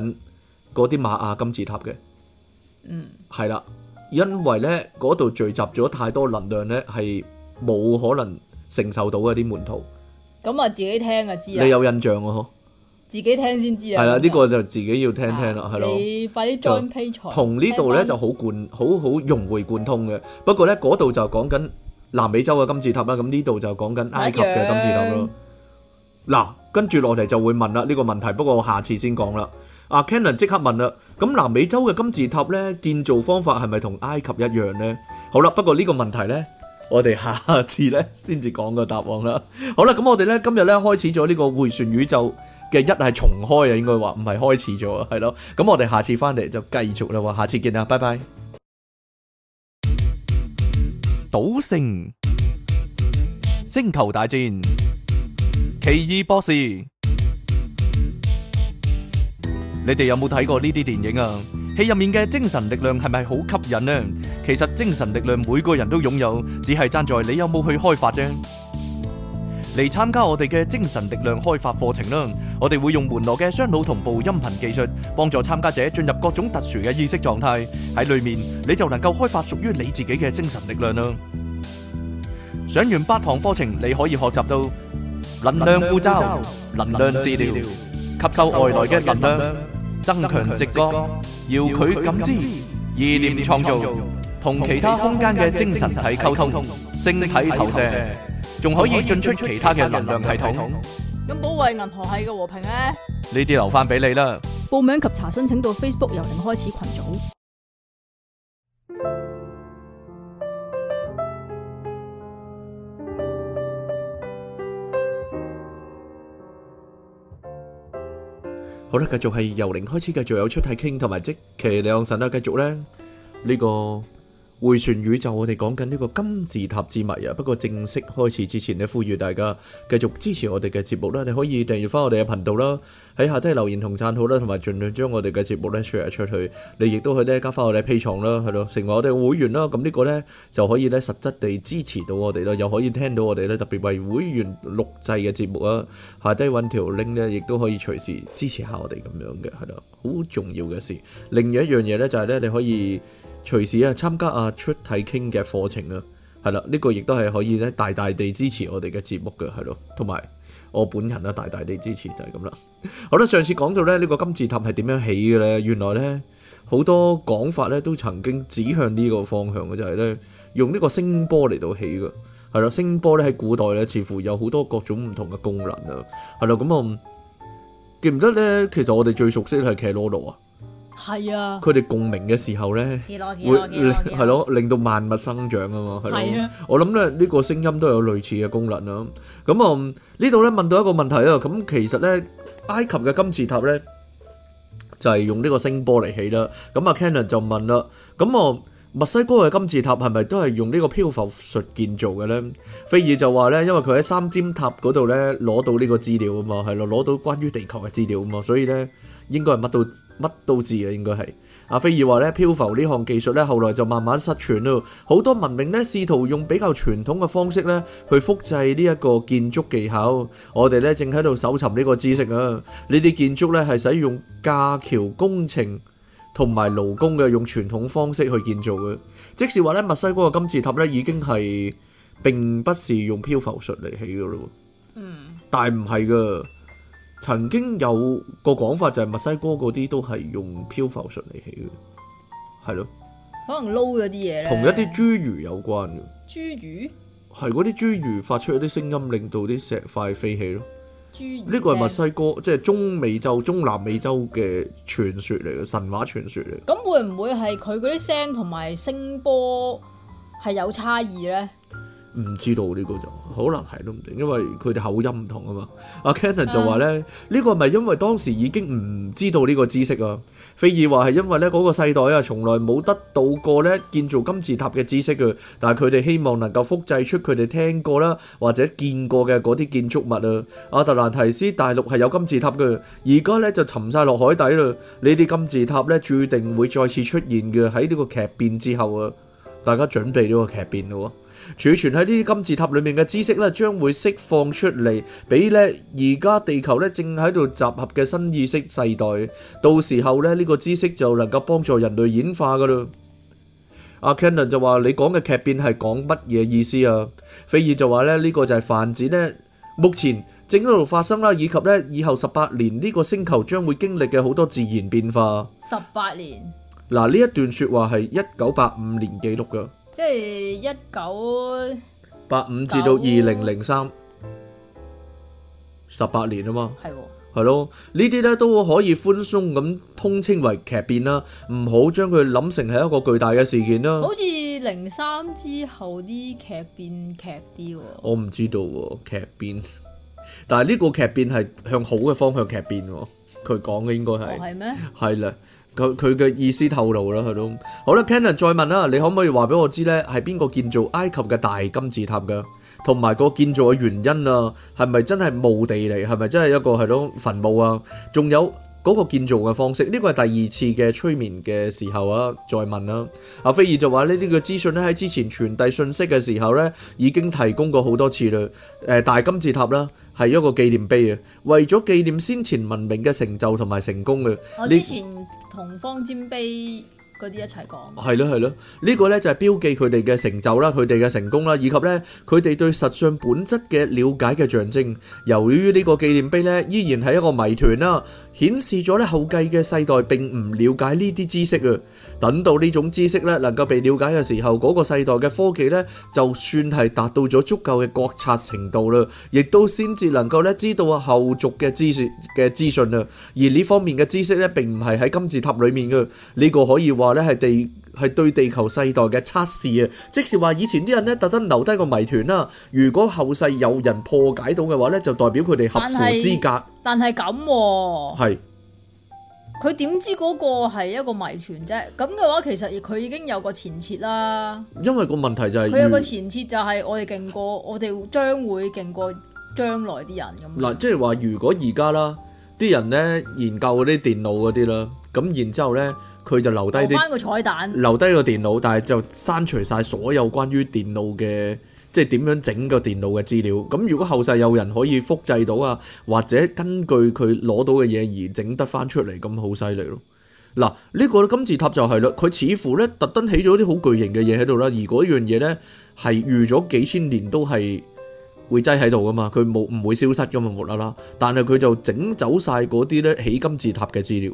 嗰啲瑪雅金字塔嘅。嗯，係啦。因為咧，嗰度聚集咗太多能量咧，係冇可能承受到一啲門徒。
咁啊，自己聽啊知啊。你有印象啊？嗬，自己聽先知啊。係啦，呢個
就自己要聽聽啦，係咯。你
快啲加入 Patreon。同呢度咧就
好貫好好融會貫通嘅。不過咧，嗰度就講緊南美洲嘅金字塔啦，咁呢度就講緊埃及嘅金字塔咯。嗱，跟住落嚟就會問啦呢個問題，不過我下次先講啦。阿、啊、Kenon 即刻問啦，咁南美洲嘅金字塔咧，建造方法係咪同埃及一樣咧？好啦，不過呢個問題咧，我哋下次咧先至講個答案啦。好啦，咁我哋咧今日咧開始咗呢個迴旋宇宙嘅一系重開啊，應該話唔係開始咗啊，係咯。咁我哋下次翻嚟就繼續啦。下次見啦，拜拜。賭聖、星球大戰、奇異博士。你哋有冇睇過呢啲電影啊？戲入面嘅精神力量係咪好吸引呢？其實精神力量每個人都擁有，只係爭在你有冇去開發啫。嚟參加我哋嘅精神力量開發課程啦！我哋會用門羅嘅雙腦同步音頻技術，幫助參加者進入各種特殊嘅意識狀態。喺裏面你就能夠開發屬於你自己嘅精神力量啦。上完八堂課程，你可以學習到能量護罩、能量治療。吸收外來嘅能量，增強直覺，遙距感知，意念創造，同其他空間嘅精神體溝通，星體投射，仲可以進出其他嘅能量系統。
咁保衛銀河系嘅和平咧？
呢啲留翻俾你啦。
報名及查詢請到 Facebook 由零開始群組。
好啦，繼續係由零開始，繼續有出題傾同埋即其兩神啦，繼續咧呢、呢個。回旋宇宙，我哋講緊呢個金字塔之謎啊！不過正式開始之前呢，呼籲大家繼續支持我哋嘅節目啦！你可以訂入翻我哋嘅頻道啦，喺下低留言同贊好啦，同埋儘量將我哋嘅節目咧 share 出去，你亦都可以咧加翻我哋嘅 P 牀啦，係咯，成為我哋嘅會員啦！咁呢個呢，就可以呢實質地支持到我哋咯，又可以聽到我哋呢特別為會員錄製嘅節目啊！下低揾條 link 呢，亦都可以隨時支持下我哋咁樣嘅，係咯，好重要嘅事。另外一樣嘢呢，就係呢你可以。隨時啊參加阿出體傾嘅課程啦，係啦，呢、這個亦都係可以咧大大地支持我哋嘅節目嘅，係咯，同埋我本人啊大大地支持就係咁啦。 好啦，上次講到咧呢個金字塔係點樣起嘅咧，原來咧好多講法咧都曾經指向呢個方向嘅，就係、是、咧用呢個聲波嚟到起嘅，係咯，聲波咧喺古代咧似乎有好多各種唔同嘅功能啊，係咯，咁我、嗯、記唔得咧，其實我哋最熟悉係卡諾魯啊。
係啊，佢
哋共鳴嘅時候咧，會係咯，令到萬物生長啊嘛，係咯。我諗咧呢個聲音都有類似嘅功能啊。咁啊，呢度咧問到一個問題啊。咁其實咧，埃及嘅金字塔咧就係用呢個聲波嚟起啦。咁啊，Ken 就問啦，咁啊。墨西哥嘅金字塔係咪都係用呢個漂浮術建造嘅咧？菲爾就話咧，因為佢喺三尖塔嗰度咧攞到呢個資料啊嘛，係咯，攞到關於地球嘅資料啊嘛，所以咧應該係乜都乜都知嘅應該係。阿菲爾話咧，漂浮呢項技術咧，後來就慢慢失傳咯。好多文明咧試圖用比較傳統嘅方式咧去複製呢一個建築技巧。我哋咧正喺度搜尋呢個知識啊。呢啲建築咧係使用架橋工程，同埋勞工嘅用傳統方式去建造嘅，即是話咧，墨西哥嘅金字塔咧已經係並不是用漂浮術嚟起嘅咯。嗯，但係唔係噶？曾經有個講法就係墨西哥嗰啲都係用漂浮術嚟起嘅，係咯，
可能撈咗啲嘢，同一啲
侏儒有關嘅侏儒，係嗰啲侏儒發出一啲聲音，令到啲石塊飛起咯。呢個係墨西哥，即係中美洲、中南美洲嘅傳說嚟嘅神話傳說嚟。
咁會唔會係佢嗰啲聲同埋聲波係有差異咧？
唔知道呢個就可能係都唔定，因為佢哋口音唔同啊嘛。阿 Cannon 就話呢，呢、嗯、個咪因為當時已經唔知道呢個知識啊。菲爾話係因為呢嗰個世代啊，從來冇得到過呢建造金字塔嘅知識嘅，但係佢哋希望能夠複製出佢哋聽過啦或者見過嘅嗰啲建築物啊。阿特蘭提斯大陸係有金字塔嘅，而家呢就沉晒落海底啦。呢啲金字塔呢，注定會再次出現嘅喺呢個劇變之後啊。大家準備呢個劇變咯喎，儲存喺呢啲金字塔裏面嘅知識咧，將會釋放出嚟，俾咧而家地球咧正喺度集合嘅新意識世代。到時候咧，呢個知識就能夠幫助人類演化噶啦。阿 Cannon 就話：你講嘅劇變係講乜嘢意思啊？菲爾就話咧：呢個就係泛指呢目前正喺度發生啦，以及咧以後十八年呢個星球將會經歷嘅好多自然變化。
十八年。
嗱，呢一段說話係一九八五年記錄噶
即係一九
八五至到二零零三，十八年啊嘛，係喎，係咯，呢啲咧都可以寬鬆咁通稱為劇變啦，唔好將佢諗成係一個巨大嘅事件啦。好
似零三之後啲劇變劇啲，我
唔知道喎劇變，但係呢個劇變係向好嘅方向劇變，佢講嘅應該係，係咩？係啦。佢佢嘅意思透露啦，係咯。好啦，Cannon 再問啦，你可唔可以話俾我知呢？係邊個建造埃及嘅大金字塔㗎？同埋個建造嘅原因啊，係咪真係墓地嚟？係咪真係一個係咯墳墓啊？仲有嗰個建造嘅方式，呢個係第二次嘅催眠嘅時候啊，再問啦。阿菲爾就話呢啲嘅資訊呢，喺之前傳遞信息嘅時候呢，已經提供過好多次啦。誒，大金字塔啦，係一個紀念碑啊，為咗紀念先前文明嘅成就同埋成功嘅。我之前。
同方尖碑。嗰啲一齊
講，係咯係咯，呢個咧就係標記佢哋嘅成就啦，佢哋嘅成功啦，以及咧佢哋對實相本質嘅瞭解嘅象徵。由於呢個紀念碑咧依然係一個謎團啦，顯示咗咧後繼嘅世代並唔瞭解呢啲知識啊。等到呢種知識咧能夠被瞭解嘅時候，嗰個世代嘅科技咧就算係達到咗足夠嘅覺察程度啦，亦都先至能夠咧知道啊後續嘅資訊嘅資訊啊。而呢方面嘅知識咧並唔係喺金字塔裏面嘅，呢個可以話。咧係地係對地球世代嘅測試啊！即係話以前啲人咧特登留低個謎團啦。如果後世有人破解到嘅話咧，就代表佢哋合乎資格。
但係咁，係佢點知嗰個係一個謎團啫？咁嘅話，其實佢已經有個前設啦。
因為個問題就係、是、佢有個前
設就係我哋勁過，我哋將會勁過將來啲人咁。嗱、
啊，即係話如果而家啦。啲人咧研究嗰啲電腦嗰啲啦，咁然之後咧佢就留低啲，留低個彩蛋，個電腦，但係就刪除晒所有關於電腦嘅即係點樣整個電腦嘅資料。咁如果後世有人可以複製到啊，或者根據佢攞到嘅嘢而整得翻出嚟，咁好犀利咯。嗱，呢個金字塔就係啦，佢似乎咧特登起咗啲好巨型嘅嘢喺度啦，而嗰樣嘢咧係預咗幾千年都係。會擠喺度噶嘛，佢冇唔會消失噶嘛，冇啦啦，但係佢就整走晒嗰啲咧起金字塔嘅資料。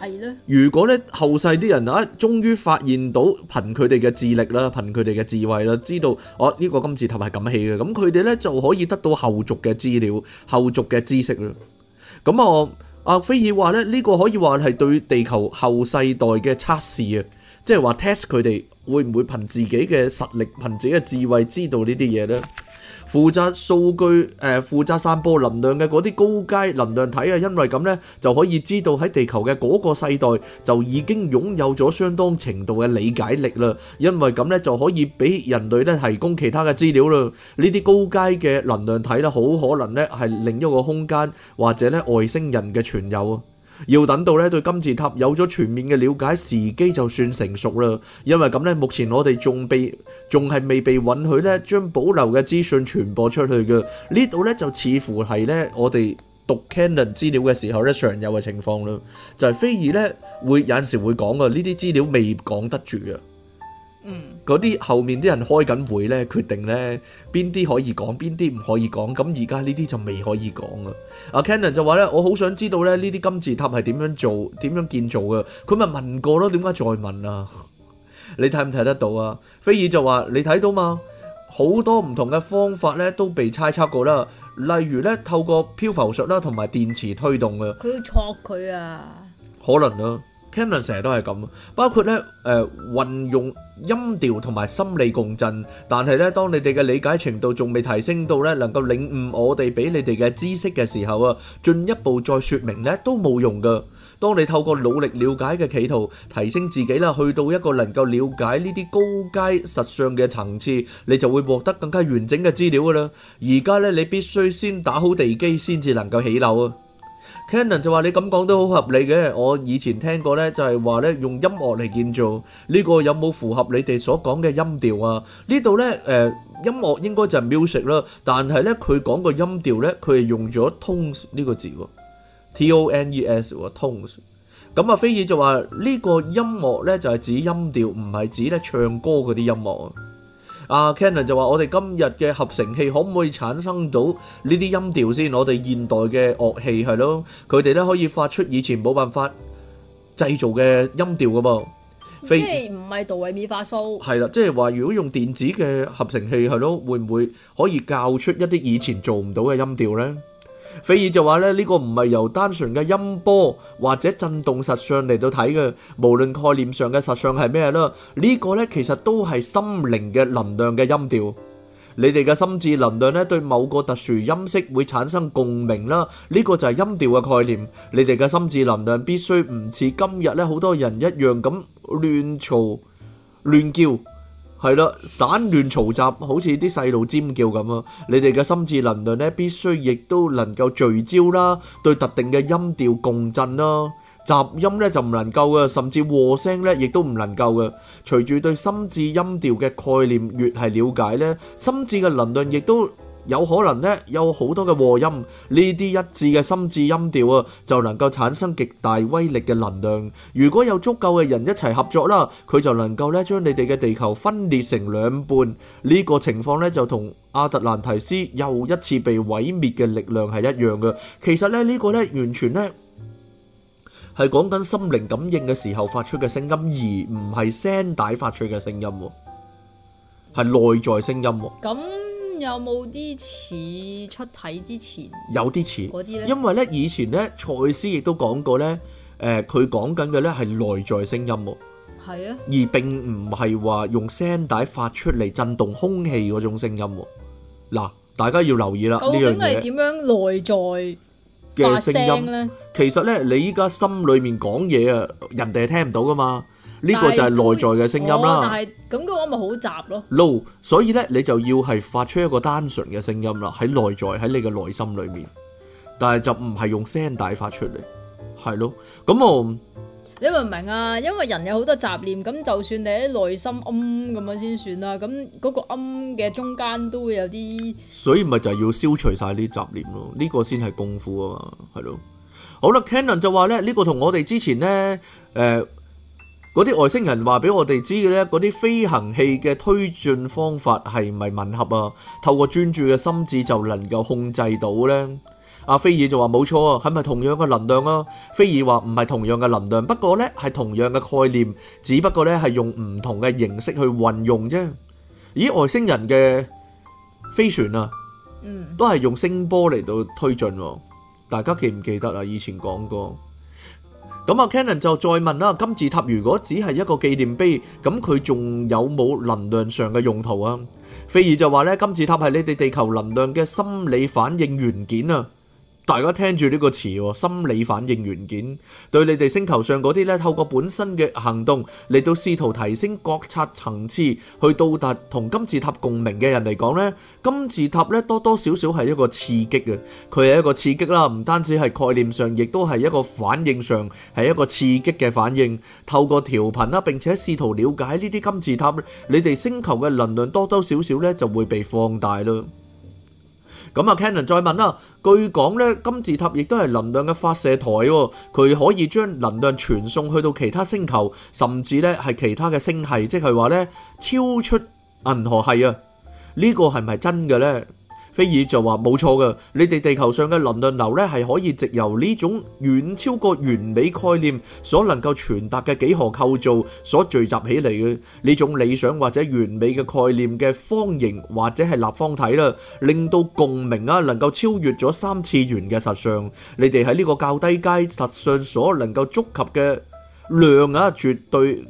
係咧的。如果咧後世啲人啊，終於發現到憑佢哋嘅智力啦，憑佢哋嘅智慧啦，知道哦呢，啊這個金字塔係咁起嘅，咁佢哋咧就可以得到後續嘅資料、後續嘅知識啦。咁我阿菲爾話咧，呢，這個可以話係對地球後世代嘅測試啊，即係話 test 佢哋會唔會憑自己嘅實力、憑自己嘅智慧知道呢啲嘢咧。負責數據誒，負責散播能量嘅嗰啲高階能量體啊，因為咁咧就可以知道喺地球嘅嗰個世代就已經擁有咗相當程度嘅理解力啦。因為咁咧就可以俾人類咧提供其他嘅資料啦。呢啲高階嘅能量體咧，好可能咧係另一個空間或者咧外星人嘅存有啊。要等到咧對金字塔有咗全面嘅了解，時機就算成熟啦。因為咁咧，目前我哋仲被仲係未被允許咧，將保留嘅資訊傳播出去嘅。呢度咧就似乎係咧我哋讀 Canon 資料嘅時候咧常有嘅情況啦。就係菲爾咧，會有陣時會講啊，呢啲資料未講得住啊。嗯，嗰啲後面啲人開緊會咧，決定咧邊啲可以講，邊啲唔可以講。咁而家呢啲就未可以講啊。阿 Cannon 就話咧，我好想知道咧呢啲金字塔係點樣做、點樣建造嘅。佢咪問過咯，點解再問啊？ 你睇唔睇得到啊？菲爾就話：你睇到嘛？好多唔同嘅方法咧都被猜測過啦。例如咧透過漂浮術啦，同埋電磁推動嘅。
佢要戳佢啊！
可能啊。」Canon 成日都係咁，包括咧誒運用音調同埋心理共振，但係咧，當你哋嘅理解程度仲未提升到咧，能夠領悟我哋俾你哋嘅知識嘅時候啊，進一步再説明咧都冇用噶。當你透過努力了解嘅企圖提升自己啦，去到一個能夠了解呢啲高階實相嘅層次，你就會獲得更加完整嘅資料噶啦。而家咧，你必須先打好地基先至能夠起樓啊！Canon 就話你咁講都好合理嘅，我以前聽過呢，就係話呢，用音樂嚟建造呢、呢個有冇符合你哋所講嘅音調啊？呢度呢，誒、呃、音樂應該就係 music 啦，但係呢，佢講個音調呢，佢係用咗 tone 呢個字喎，t o n e s 喎 tone。咁、嗯、啊，菲爾就話呢、呢個音樂呢，就係指音調，唔係指呢唱歌嗰啲音樂啊。阿 Cannon 就話：我哋今日嘅合成器可唔可以產生到呢啲音調先？我哋現代嘅樂器係咯，佢哋咧可以發出以前冇辦法製造嘅音調噶噃。
即係唔係杜偉咪發數？
係啦，即係話如果用電子嘅合成器係咯，會唔會可以教出一啲以前做唔到嘅音調咧？菲爾就話咧，呢個唔係由單純嘅音波或者震動實相嚟到睇嘅，無論概念上嘅實相係咩啦，呢個咧其實都係心靈嘅能量嘅音調。你哋嘅心智能量咧對某個特殊音色會產生共鳴啦，呢個就係音調嘅概念。你哋嘅心智能量必須唔似今日咧好多人一樣咁亂嘈亂叫。係啦，散亂嘈雜，好似啲細路尖叫咁啊！你哋嘅心智能量咧，必須亦都能夠聚焦啦，對特定嘅音調共振啦，雜音咧就唔能夠嘅，甚至和聲咧亦都唔能夠嘅。隨住對心智音調嘅概念越係瞭解咧，心智嘅能量亦都，有可能呢，有好多嘅和音，呢啲一致嘅心智音調啊，就能夠產生極大威力嘅能量。如果有足夠嘅人一齊合作啦，佢就能夠呢將你哋嘅地球分裂成兩半。呢、呢個情況呢，就同阿特蘭提斯又一次被毀滅嘅力量係一樣嘅。其實呢，呢、呢個呢完全呢，係講緊心靈感應嘅時候發出嘅聲音，而唔係聲帶發出嘅聲音，係內在聲音。
咁有冇啲似出體之前？
有啲似因為咧以前咧賽斯亦都講過咧，誒，佢講緊嘅咧係內在聲音，係啊，而並唔係話用聲帶發出嚟震動空氣嗰種聲音。嗱，大家要留意啦，呢樣嘢點
樣內在
嘅聲音呢？其實咧，你依家心裏面講嘢啊，人哋係聽唔到噶嘛。呢但個就係內在嘅聲音啦、哦。但係
咁嘅話咪好雜咯。no，、
哦、所以咧你就要係發出一個單純嘅聲音啦，喺內在喺你嘅內心裏面。但係就唔係用聲帶發出嚟，係咯。咁、嗯、我你
明唔明啊？因為人有好多雜念，咁就算你喺內心噏噏咁樣先算啦。咁嗰個噏嘅中間都會有啲。
所以咪就係要消除曬呢啲雜念咯。呢、這個先係功夫啊嘛，係咯。好啦，Canon 就話咧，呢、這個同我哋之前咧誒。呃嗰啲外星人話俾我哋知嘅呢，嗰啲飛行器嘅推進方法係咪吻合啊？透過專注嘅心智就能夠控制到呢？阿菲爾就話冇錯啊，係咪同樣嘅能量啊？菲爾話唔係同樣嘅能量，不過呢係同樣嘅概念，只不過呢係用唔同嘅形式去運用啫。咦，外星人嘅飛船啊，都係用聲波嚟到推進啊。大家記唔記得啊？以前講過。咁啊，Canon 就再問啦，金字塔如果只係一個紀念碑，咁佢仲有冇能量上嘅用途啊？ 菲爾就話咧，金字塔係你哋地球能量嘅心理反應元件啊。大家聽住呢個詞喎，心理反應元件對你哋星球上嗰啲咧，透過本身嘅行動嚟到試圖提升覺察層次，去到達同金字塔共鳴嘅人嚟講咧，金字塔咧多多少少係一個刺激嘅，佢係一個刺激啦，唔單止係概念上，亦都係一個反應上，係一個刺激嘅反應。透過調頻啦，並且試圖了解呢啲金字塔，你哋星球嘅能量多多少少咧就會被放大啦。咁啊，Canon 再問啦，據講咧金字塔亦都係能量嘅發射台，佢可以將能量傳送去到其他星球，甚至咧係其他嘅星系，即係話咧超出銀河系啊！是是呢個係咪真嘅咧？菲爾就話冇錯㗎，你哋地球上嘅能量流呢係可以藉由呢種遠超過完美概念所能夠傳達嘅幾何構造所聚集起嚟嘅呢種理想或者完美嘅概念嘅方形或者係立方體啦，令到共鳴啊，能夠超越咗三次元嘅實相。你哋喺呢個較低階實相所能夠觸及嘅量啊，絕對。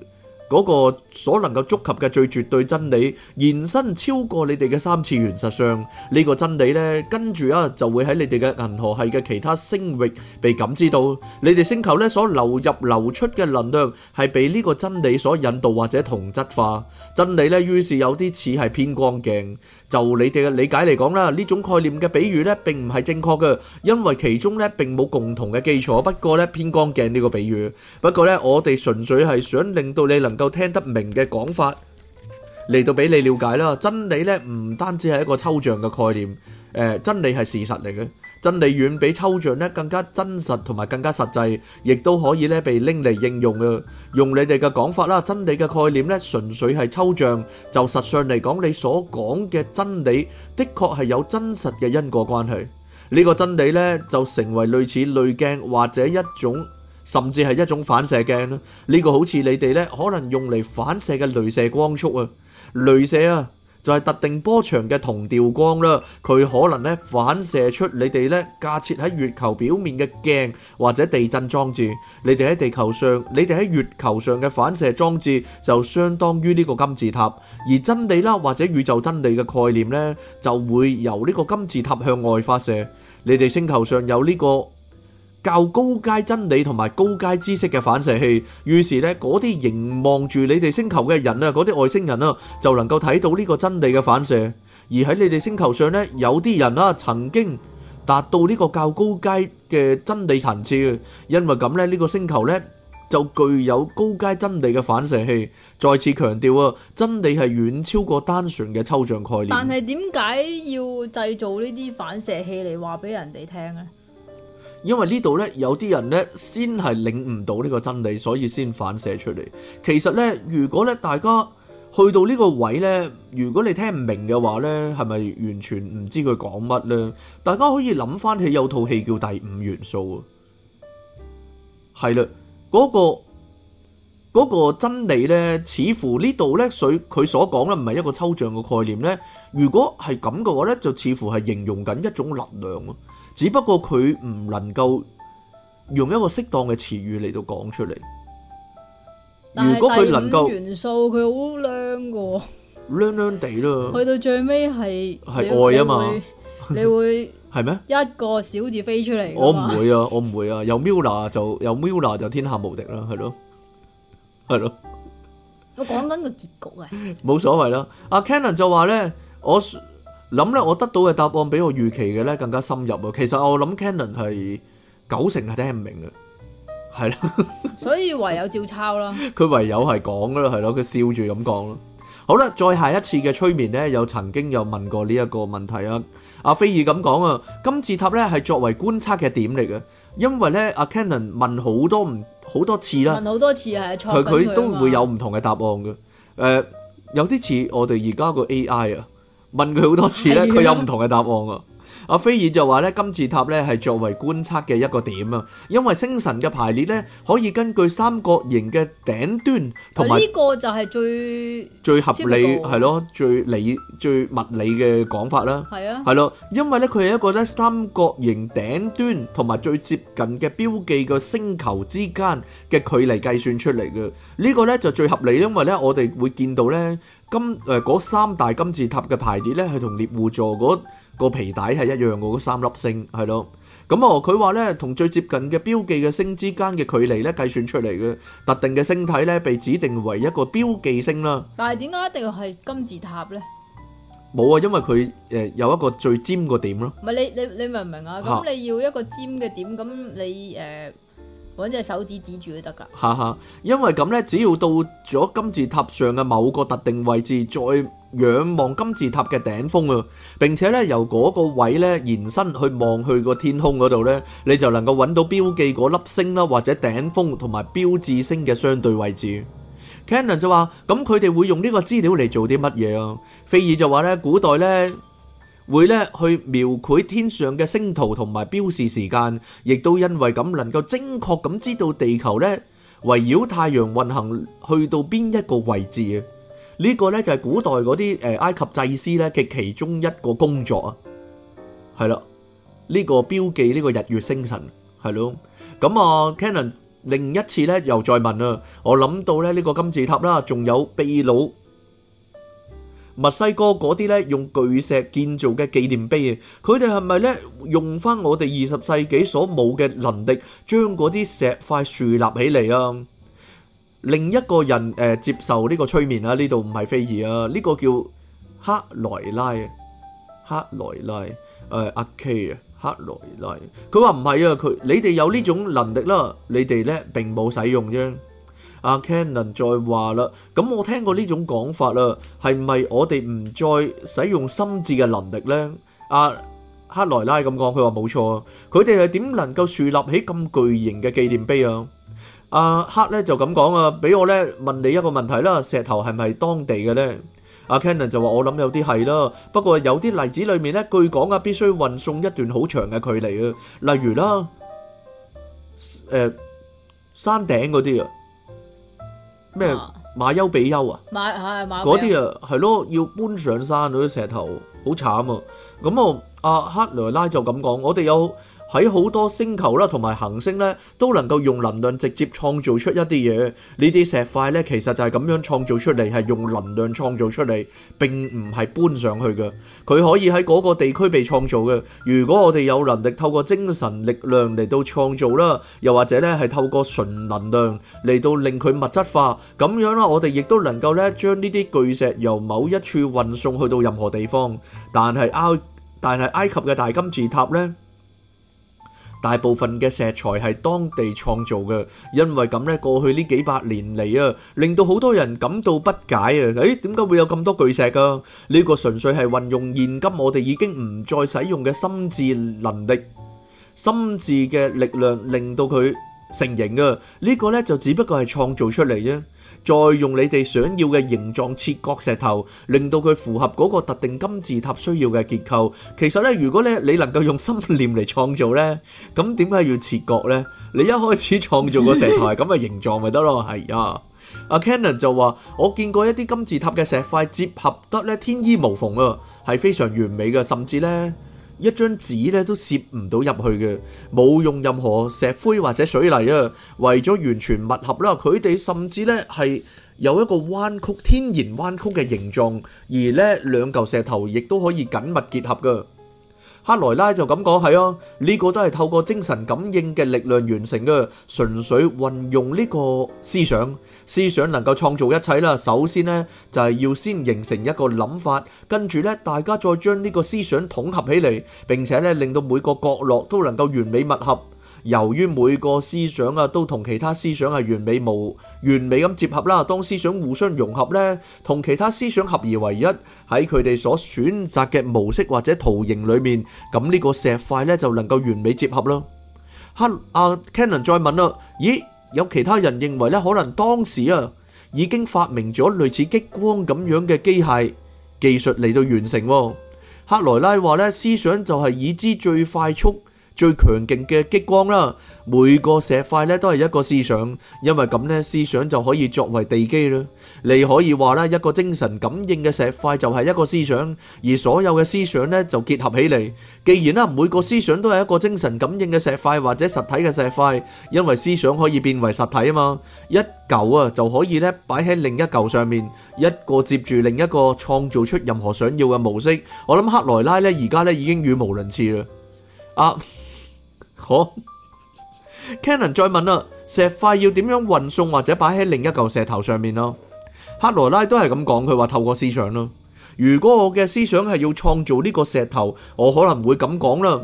嗰個所能夠觸及嘅最絕對真理，延伸超過你哋嘅三次元實相，呢個真理咧跟住啊就會喺你哋嘅銀河系嘅其他星域被感知到。你哋星球咧所流入流出嘅能量係被呢個真理所引導或者同質化。真理咧於是有啲似係偏光鏡。就你哋嘅理解嚟講啦，呢種概念嘅比喻咧並唔係正確嘅，因為其中咧並冇共同嘅基礎。不過咧偏光鏡呢個比喻，不過咧我哋純粹係想令到你能夠聽得明嘅講法嚟到俾你了解啦，真理咧唔單止係一個抽象嘅概念，誒，真理係事實嚟嘅，真理遠比抽象咧更加真實同埋更加實際，亦都可以咧被拎嚟應用啊！用你哋嘅講法啦，真理嘅概念咧純粹係抽象，就實上嚟講，你所講嘅真理的確係有真實嘅因果關係，呢個真理咧就成為類似濾鏡或者一種。甚至係一種反射鏡啦，呢、這個好似你哋咧可能用嚟反射嘅雷射光束啊，雷射啊就係特定波長嘅同調光啦，佢可能咧反射出你哋咧架設喺月球表面嘅鏡或者地震裝置，你哋喺地球上，你哋喺月球上嘅反射裝置就相當於呢個金字塔，而真理啦或者宇宙真理嘅概念呢，就會由呢個金字塔向外發射，你哋星球上有呢、這個。較高階真理同埋高階知識嘅反射器，於是咧嗰啲凝望住你哋星球嘅人啊，嗰啲外星人啊，就能夠睇到呢個真理嘅反射。而喺你哋星球上咧，有啲人啊曾經達到呢個較高階嘅真理層次，因為噉咧呢個星球咧就具有高階真理嘅反射器，再次強調啊，真理係遠超過單純嘅抽象概念。但
係點解要製造呢啲反射器嚟話畀人哋聽呢？
因為呢度呢，有啲人呢先係領唔到呢個真理，所以先反射出嚟。其實呢，如果咧大家去到呢個位呢，如果你聽唔明嘅話呢，係咪完全唔知佢講乜呢？大家可以諗翻起有套戲叫《第五元素》啊，係啦，嗰個。嗰個真理咧，似乎呢度咧，所佢所講咧，唔係一個抽象嘅概念咧。如果係咁嘅話咧，就似乎係形容緊一種力量咯。只不過佢唔能夠用一個適當嘅詞語嚟到講出嚟。如果佢能夠元
素，佢好靚㗎，靚
靚地咯。去
到最尾係係愛啊嘛，你會係咩？一個小字飛出嚟。我唔會
啊，我唔會啊。有 Milla 就有 Milla 就天下無敵啦，係咯。係
咯，我講緊個結局啊！
冇所謂啦，阿 Canon 就話咧，我諗咧，我得到嘅答案比我預期嘅咧更加深入啊！其實我諗 Canon 係九成係聽唔明嘅，係咯，
所以唯有照抄咯。
佢唯有係講㗎喇，係咯，佢笑住咁講咯。好啦，再下一次嘅催眠咧，又曾經有問過呢一個問題啊，阿菲爾咁講啊，金字塔咧係作為觀察嘅點嚟嘅，因為咧阿 Canon 問好多唔。好多次啦，問好
多次佢、啊、佢都會有
唔同嘅答案嘅。誒、 呃，有啲似我哋而家個 AI 啊，問佢好多次咧，佢 有唔同嘅答案啊。阿菲爾就話呢，金字塔呢，係作為觀察嘅一個點啊。因為星神嘅排列呢，可以根據三角形嘅頂端，同埋。金誒嗰三大金字塔嘅排列咧，係同獵戶座嗰個皮帶係一樣嘅，嗰三粒星係咯。咁啊，佢話咧，同最接近嘅標記嘅星之間嘅距離咧，計算出嚟嘅特定嘅星體咧，被指定為一個標記星啦。
但係點解一定要係金字塔咧？
冇啊，因為佢誒有一個最尖個點咯。
唔係你你你明唔明啊？咁你要一個尖嘅點，咁你誒。揾隻手指指住都得
㗎，因為咁呢，只要到咗金字塔上嘅某個特定位置，再仰望金字塔嘅頂峰啊，並且呢由嗰個位呢延伸去望去個天空嗰度呢，你就能夠揾到標記嗰粒星啦，或者頂峰同埋標誌星嘅相對位置。Canon 就話，咁佢哋會用呢個資料嚟做啲乜嘢啊？菲爾就話呢，古代呢。會呢去描繪天上嘅星圖同埋標示時間,亦都因為能夠精確噉知道地球呢圍繞太陽運行去到邊一個位置,呢個呢就係古代嗰啲埃及祭司呢嘅其中一個工作。係囉,呢個標記,呢個日月星辰,墨西哥嗰啲咧用巨石建造嘅紀念碑，佢哋係咪咧用翻我哋二十世紀所冇嘅能力，將嗰啲石塊樹立起嚟啊？另一個人誒、呃、接受呢個催眠啊，呢度唔係菲兒啊，呢、這個叫克萊拉，克萊拉誒阿、呃、K 啊，克萊拉，佢話唔係啊，佢你哋有呢種能力啦，你哋咧並冇使用啫。阿 Canon 再話啦，咁我聽過呢種講法啦，係咪我哋唔再使用心智嘅能力咧？阿克萊拉咁講，佢話冇錯，佢哋係點能夠樹立起咁巨型嘅紀念碑啊？阿克咧就咁講啊，俾我咧問你一個問題啦，石頭係咪當地嘅咧？阿 Canon 就話我諗有啲係啦，不過有啲例子裡面咧，據講啊必須運送一段好長嘅距離啊，例如啦，誒山頂嗰啲啊。咩馬丘比丘啊？
嗰啲啊
係、啊、咯，要搬上山嗰啲石頭，好慘啊！咁我阿、啊、克雷拉就咁講，我哋有。喺好多星球啦，同埋行星咧，都能夠用能量直接創造出一啲嘢。呢啲石塊咧，其實就係咁樣創造出嚟，係用能量創造出嚟，並唔係搬上去嘅。佢可以喺嗰個地區被創造嘅。如果我哋有能力透過精神力量嚟到創造啦，又或者咧係透過純能量嚟到令佢物質化，咁樣啦，我哋亦都能夠咧將呢啲巨石由某一處運送去到任何地方。但係埃，但係埃及嘅大金字塔咧。大部分嘅石材係當地創造嘅，因為咁呢，過去呢幾百年嚟啊，令到好多人感到不解啊！誒，點解會有咁多巨石㗎？呢個純粹係運用現今我哋已經唔再使用嘅心智能力，心智嘅力量令到佢成形啊。呢個呢，就只不過係創造出嚟啫。再用你哋想要嘅形狀切割石頭，令到佢符合嗰個特定金字塔需要嘅結構。其實咧，如果咧你能夠用心念嚟創造咧，咁點解要切割咧？你一開始創造個石頭係咁嘅形狀咪得咯。係啊，阿 Cannon 就話：我見過一啲金字塔嘅石塊接合得咧天衣無縫啊，係非常完美嘅，甚至咧。一張紙咧都攝唔到入去嘅，冇用任何石灰或者水泥啊，為咗完全密合啦，佢哋甚至咧係有一個彎曲天然彎曲嘅形狀，而咧兩嚿石頭亦都可以緊密結合㗎。阿萊拉就咁講，係啊，呢個都係透過精神感應嘅力量完成嘅，純粹運用呢個思想，思想能夠創造一切啦。首先呢，就係要先形成一個諗法，跟住呢，大家再將呢個思想統合起嚟，並且呢，令到每個角落都能夠完美密合。由於每個思想啊都同其他思想係完美無完美咁結合啦，當思想互相融合咧，同其他思想合而為一，喺佢哋所選擇嘅模式或者圖形裡面，咁呢個石塊咧就能夠完美結合啦。啊、Ken 再問啦、啊，咦？有其他人認為咧，可能當時啊已經發明咗類似激光咁樣嘅機械技術嚟到完成、啊。克萊拉話咧，思想就係已知最快速。最強勁嘅激光啦，每個石塊咧都係一個思想，因為咁呢，思想就可以作為地基啦。你可以話啦，一個精神感應嘅石塊就係一個思想，而所有嘅思想呢就結合起嚟。既然啦，每個思想都係一個精神感應嘅石塊或者實體嘅石塊，因為思想可以變為實體啊嘛，一嚿啊就可以呢擺喺另一嚿上面，一個接住另一個，創造出任何想要嘅模式。我諗克萊拉呢而家呢已經語無倫次啦，啊！哦，Canon 再問啦，石塊要點樣運送或者擺喺另一嚿石頭上面咯？克羅拉都係咁講，佢話透過思想咯。如果我嘅思想係要創造呢個石頭，我可能會咁講啦。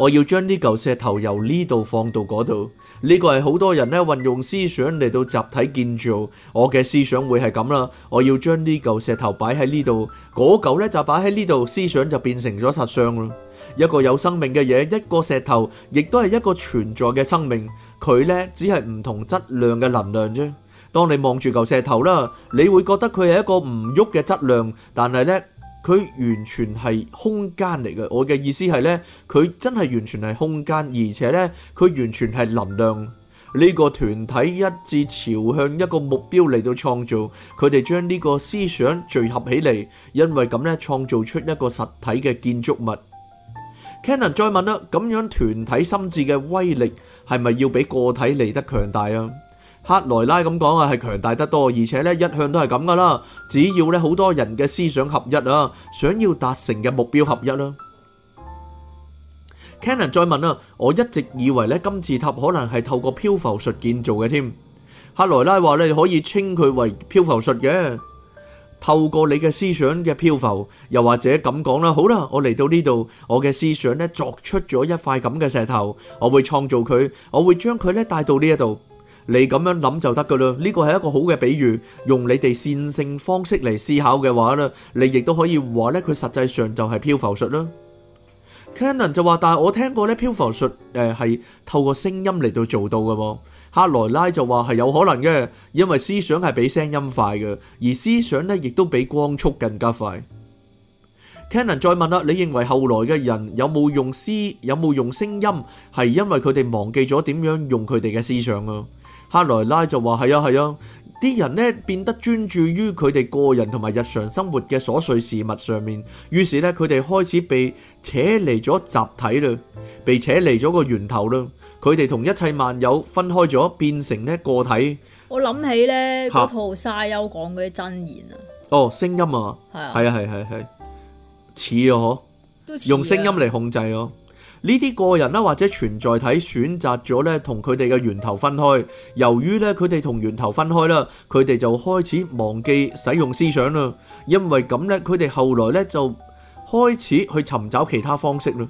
我要將呢嚿石頭由呢度放到嗰度，呢個係好多人咧，運用思想嚟到集體建造。我嘅思想會係咁啦，我要將呢嚿石頭擺喺呢度，嗰嚿咧就擺喺呢度，思想就變成咗實相啦。一個有生命嘅嘢，一個石頭，亦都係一個存在嘅生命。佢呢只係唔同質量嘅能量啫。當你望住嚿石頭啦，你會覺得佢係一個唔喐嘅質量，但係呢。佢完全係空間嚟嘅，我嘅意思係呢，佢真係完全係空間，而且呢，佢完全係能量。呢個團體一致朝向一個目標嚟到創造，佢哋將呢個思想聚合起嚟，因為咁呢，創造出一個實體嘅建築物。Cannon 再問啦，咁樣團體心智嘅威力係咪要比個體嚟得強大啊？克萊拉咁講啊，係強大得多，而且咧一向都係咁噶啦。只要咧好多人嘅思想合一啊，想要達成嘅目標合一啦。Cannon 再問啊，我一直以為咧金字塔可能係透過漂浮術建造嘅添。克萊拉話你可以稱佢為漂浮術嘅，透過你嘅思想嘅漂浮，又或者咁講啦。好啦，我嚟到呢度，我嘅思想咧作出咗一塊咁嘅石頭，我會創造佢，我會將佢咧帶到呢一度。你咁樣諗就得噶啦，呢個係一個好嘅比喻。用你哋線性方式嚟思考嘅話咧，你亦都可以話咧，佢實際上就係漂浮術啦。Cannon 就話，但係我聽過咧，漂浮術誒係透過聲音嚟到做到嘅喎。克萊拉就話係有可能嘅，因為思想係比聲音快嘅，而思想咧亦都比光速更加快。Cannon 再問啦，你認為後來嘅人有冇用思有冇用聲音，係因為佢哋忘記咗點樣用佢哋嘅思想啊？克萊拉就話：係啊係啊，啲、啊、人咧變得專注於佢哋個人同埋日常生活嘅瑣碎事物上面，於是咧佢哋開始被扯離咗集體啦，被扯離咗個源頭啦，佢哋同一切萬有分開咗，變成呢個體。
我諗起咧嗰套沙丘講嗰啲真言
啊。哦，聲音啊，係啊係係係，似啊嗬，
用聲音嚟
控制咯。呢啲個人啦，或者存在體選擇咗咧，同佢哋嘅源頭分開。由於咧佢哋同源頭分開啦，佢哋就開始忘記使用思想啦。因為咁咧，佢哋後來咧就開始去尋找其他方式啦。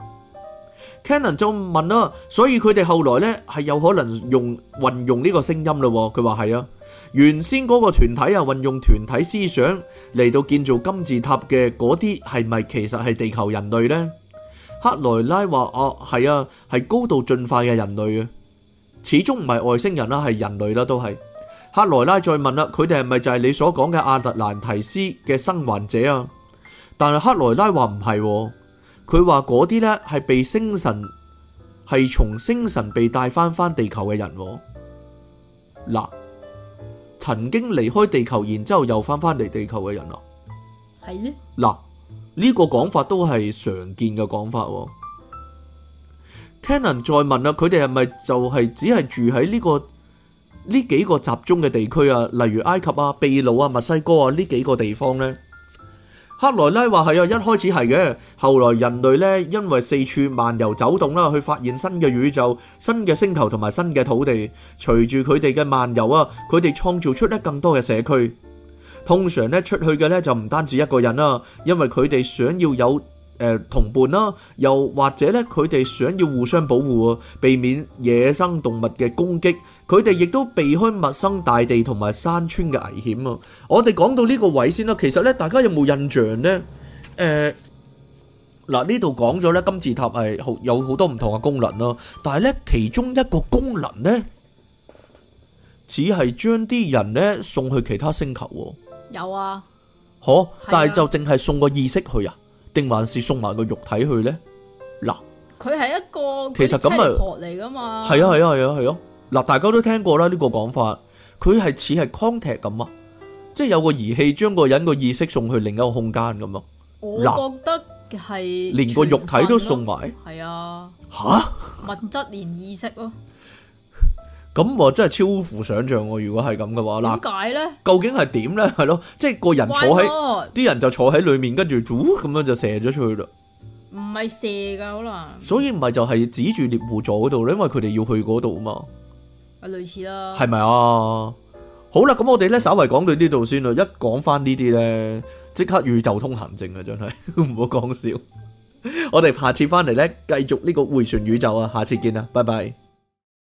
Cannon 就問啦，所以佢哋後來咧係有可能用運用呢個聲音啦。佢話係啊，原先嗰個團體啊，運用團體思想嚟到建造金字塔嘅嗰啲係咪其實係地球人類呢？克萊拉話：哦，係啊，係、啊、高度進化嘅人類啊。」始終唔係外星人啦，係人類啦，都係。克萊拉再問啦，佢哋係咪就係你所講嘅阿特蘭提斯嘅生還者啊？但係克萊拉話唔係，佢話嗰啲呢係被星神係從星神被帶翻翻地球嘅人啊。嗱，曾經離開地球，然之後又翻返嚟地球嘅人啊，
係呢
的？嗱。呢個講法都係常見嘅講法喎。Cannon 再問啦，佢哋係咪就係只係住喺呢個呢幾個集中嘅地區啊？例如埃及啊、秘魯啊、墨西哥啊呢幾個地方呢？克萊拉話係啊，一開始係嘅。後來人類呢，因為四處漫遊走動啦，去發現新嘅宇宙、新嘅星球同埋新嘅土地。隨住佢哋嘅漫遊啊，佢哋創造出得更多嘅社區。通常咧，出去嘅咧就唔單止一個人啦，因為佢哋想要有誒、呃、同伴啦，又或者咧佢哋想要互相保護，避免野生動物嘅攻擊，佢哋亦都避開陌生大地同埋山村嘅危險啊！我哋講到呢個位先啦，其實咧大家有冇印象呢？誒、呃，嗱呢度講咗咧金字塔係好有好多唔同嘅功能咯，但係咧其中一個功能呢，只係將啲人呢送去其他星球。
有
啊，好、哦，啊、但係就淨係送個意識去啊，定還是送埋個肉體去呢？嗱，
佢係一個其實咁咪科學嚟噶嘛？係啊係啊係
啊係啊！嗱、啊啊啊啊，大家都聽過啦呢、這個講法，佢係似係 contact 咁啊，即係有個儀器將個人個意識送去另一個空間咁咯。我
覺得係喏連個肉體都送埋，係啊，吓、啊、物質連意識咯、啊。
咁真係超乎想象喎、啊！如果係咁嘅話，嗱，點解咧？究竟係點咧？係 咯，即係個人坐喺，啲我人就坐喺裏面，跟住煮，咁樣就射咗出去啦。
唔係射噶，可能。
所以唔係就係指住獵戶座嗰度咧，因為佢哋要去嗰度啊嘛。
啊，類似啦，
係咪啊？好啦，咁我哋咧，稍為講到呢度先啦。一講翻呢啲咧，即刻宇宙通行證啊！真係唔好講笑。 我哋下次翻嚟咧，繼續呢個回旋宇宙啊！下次見啦，拜拜。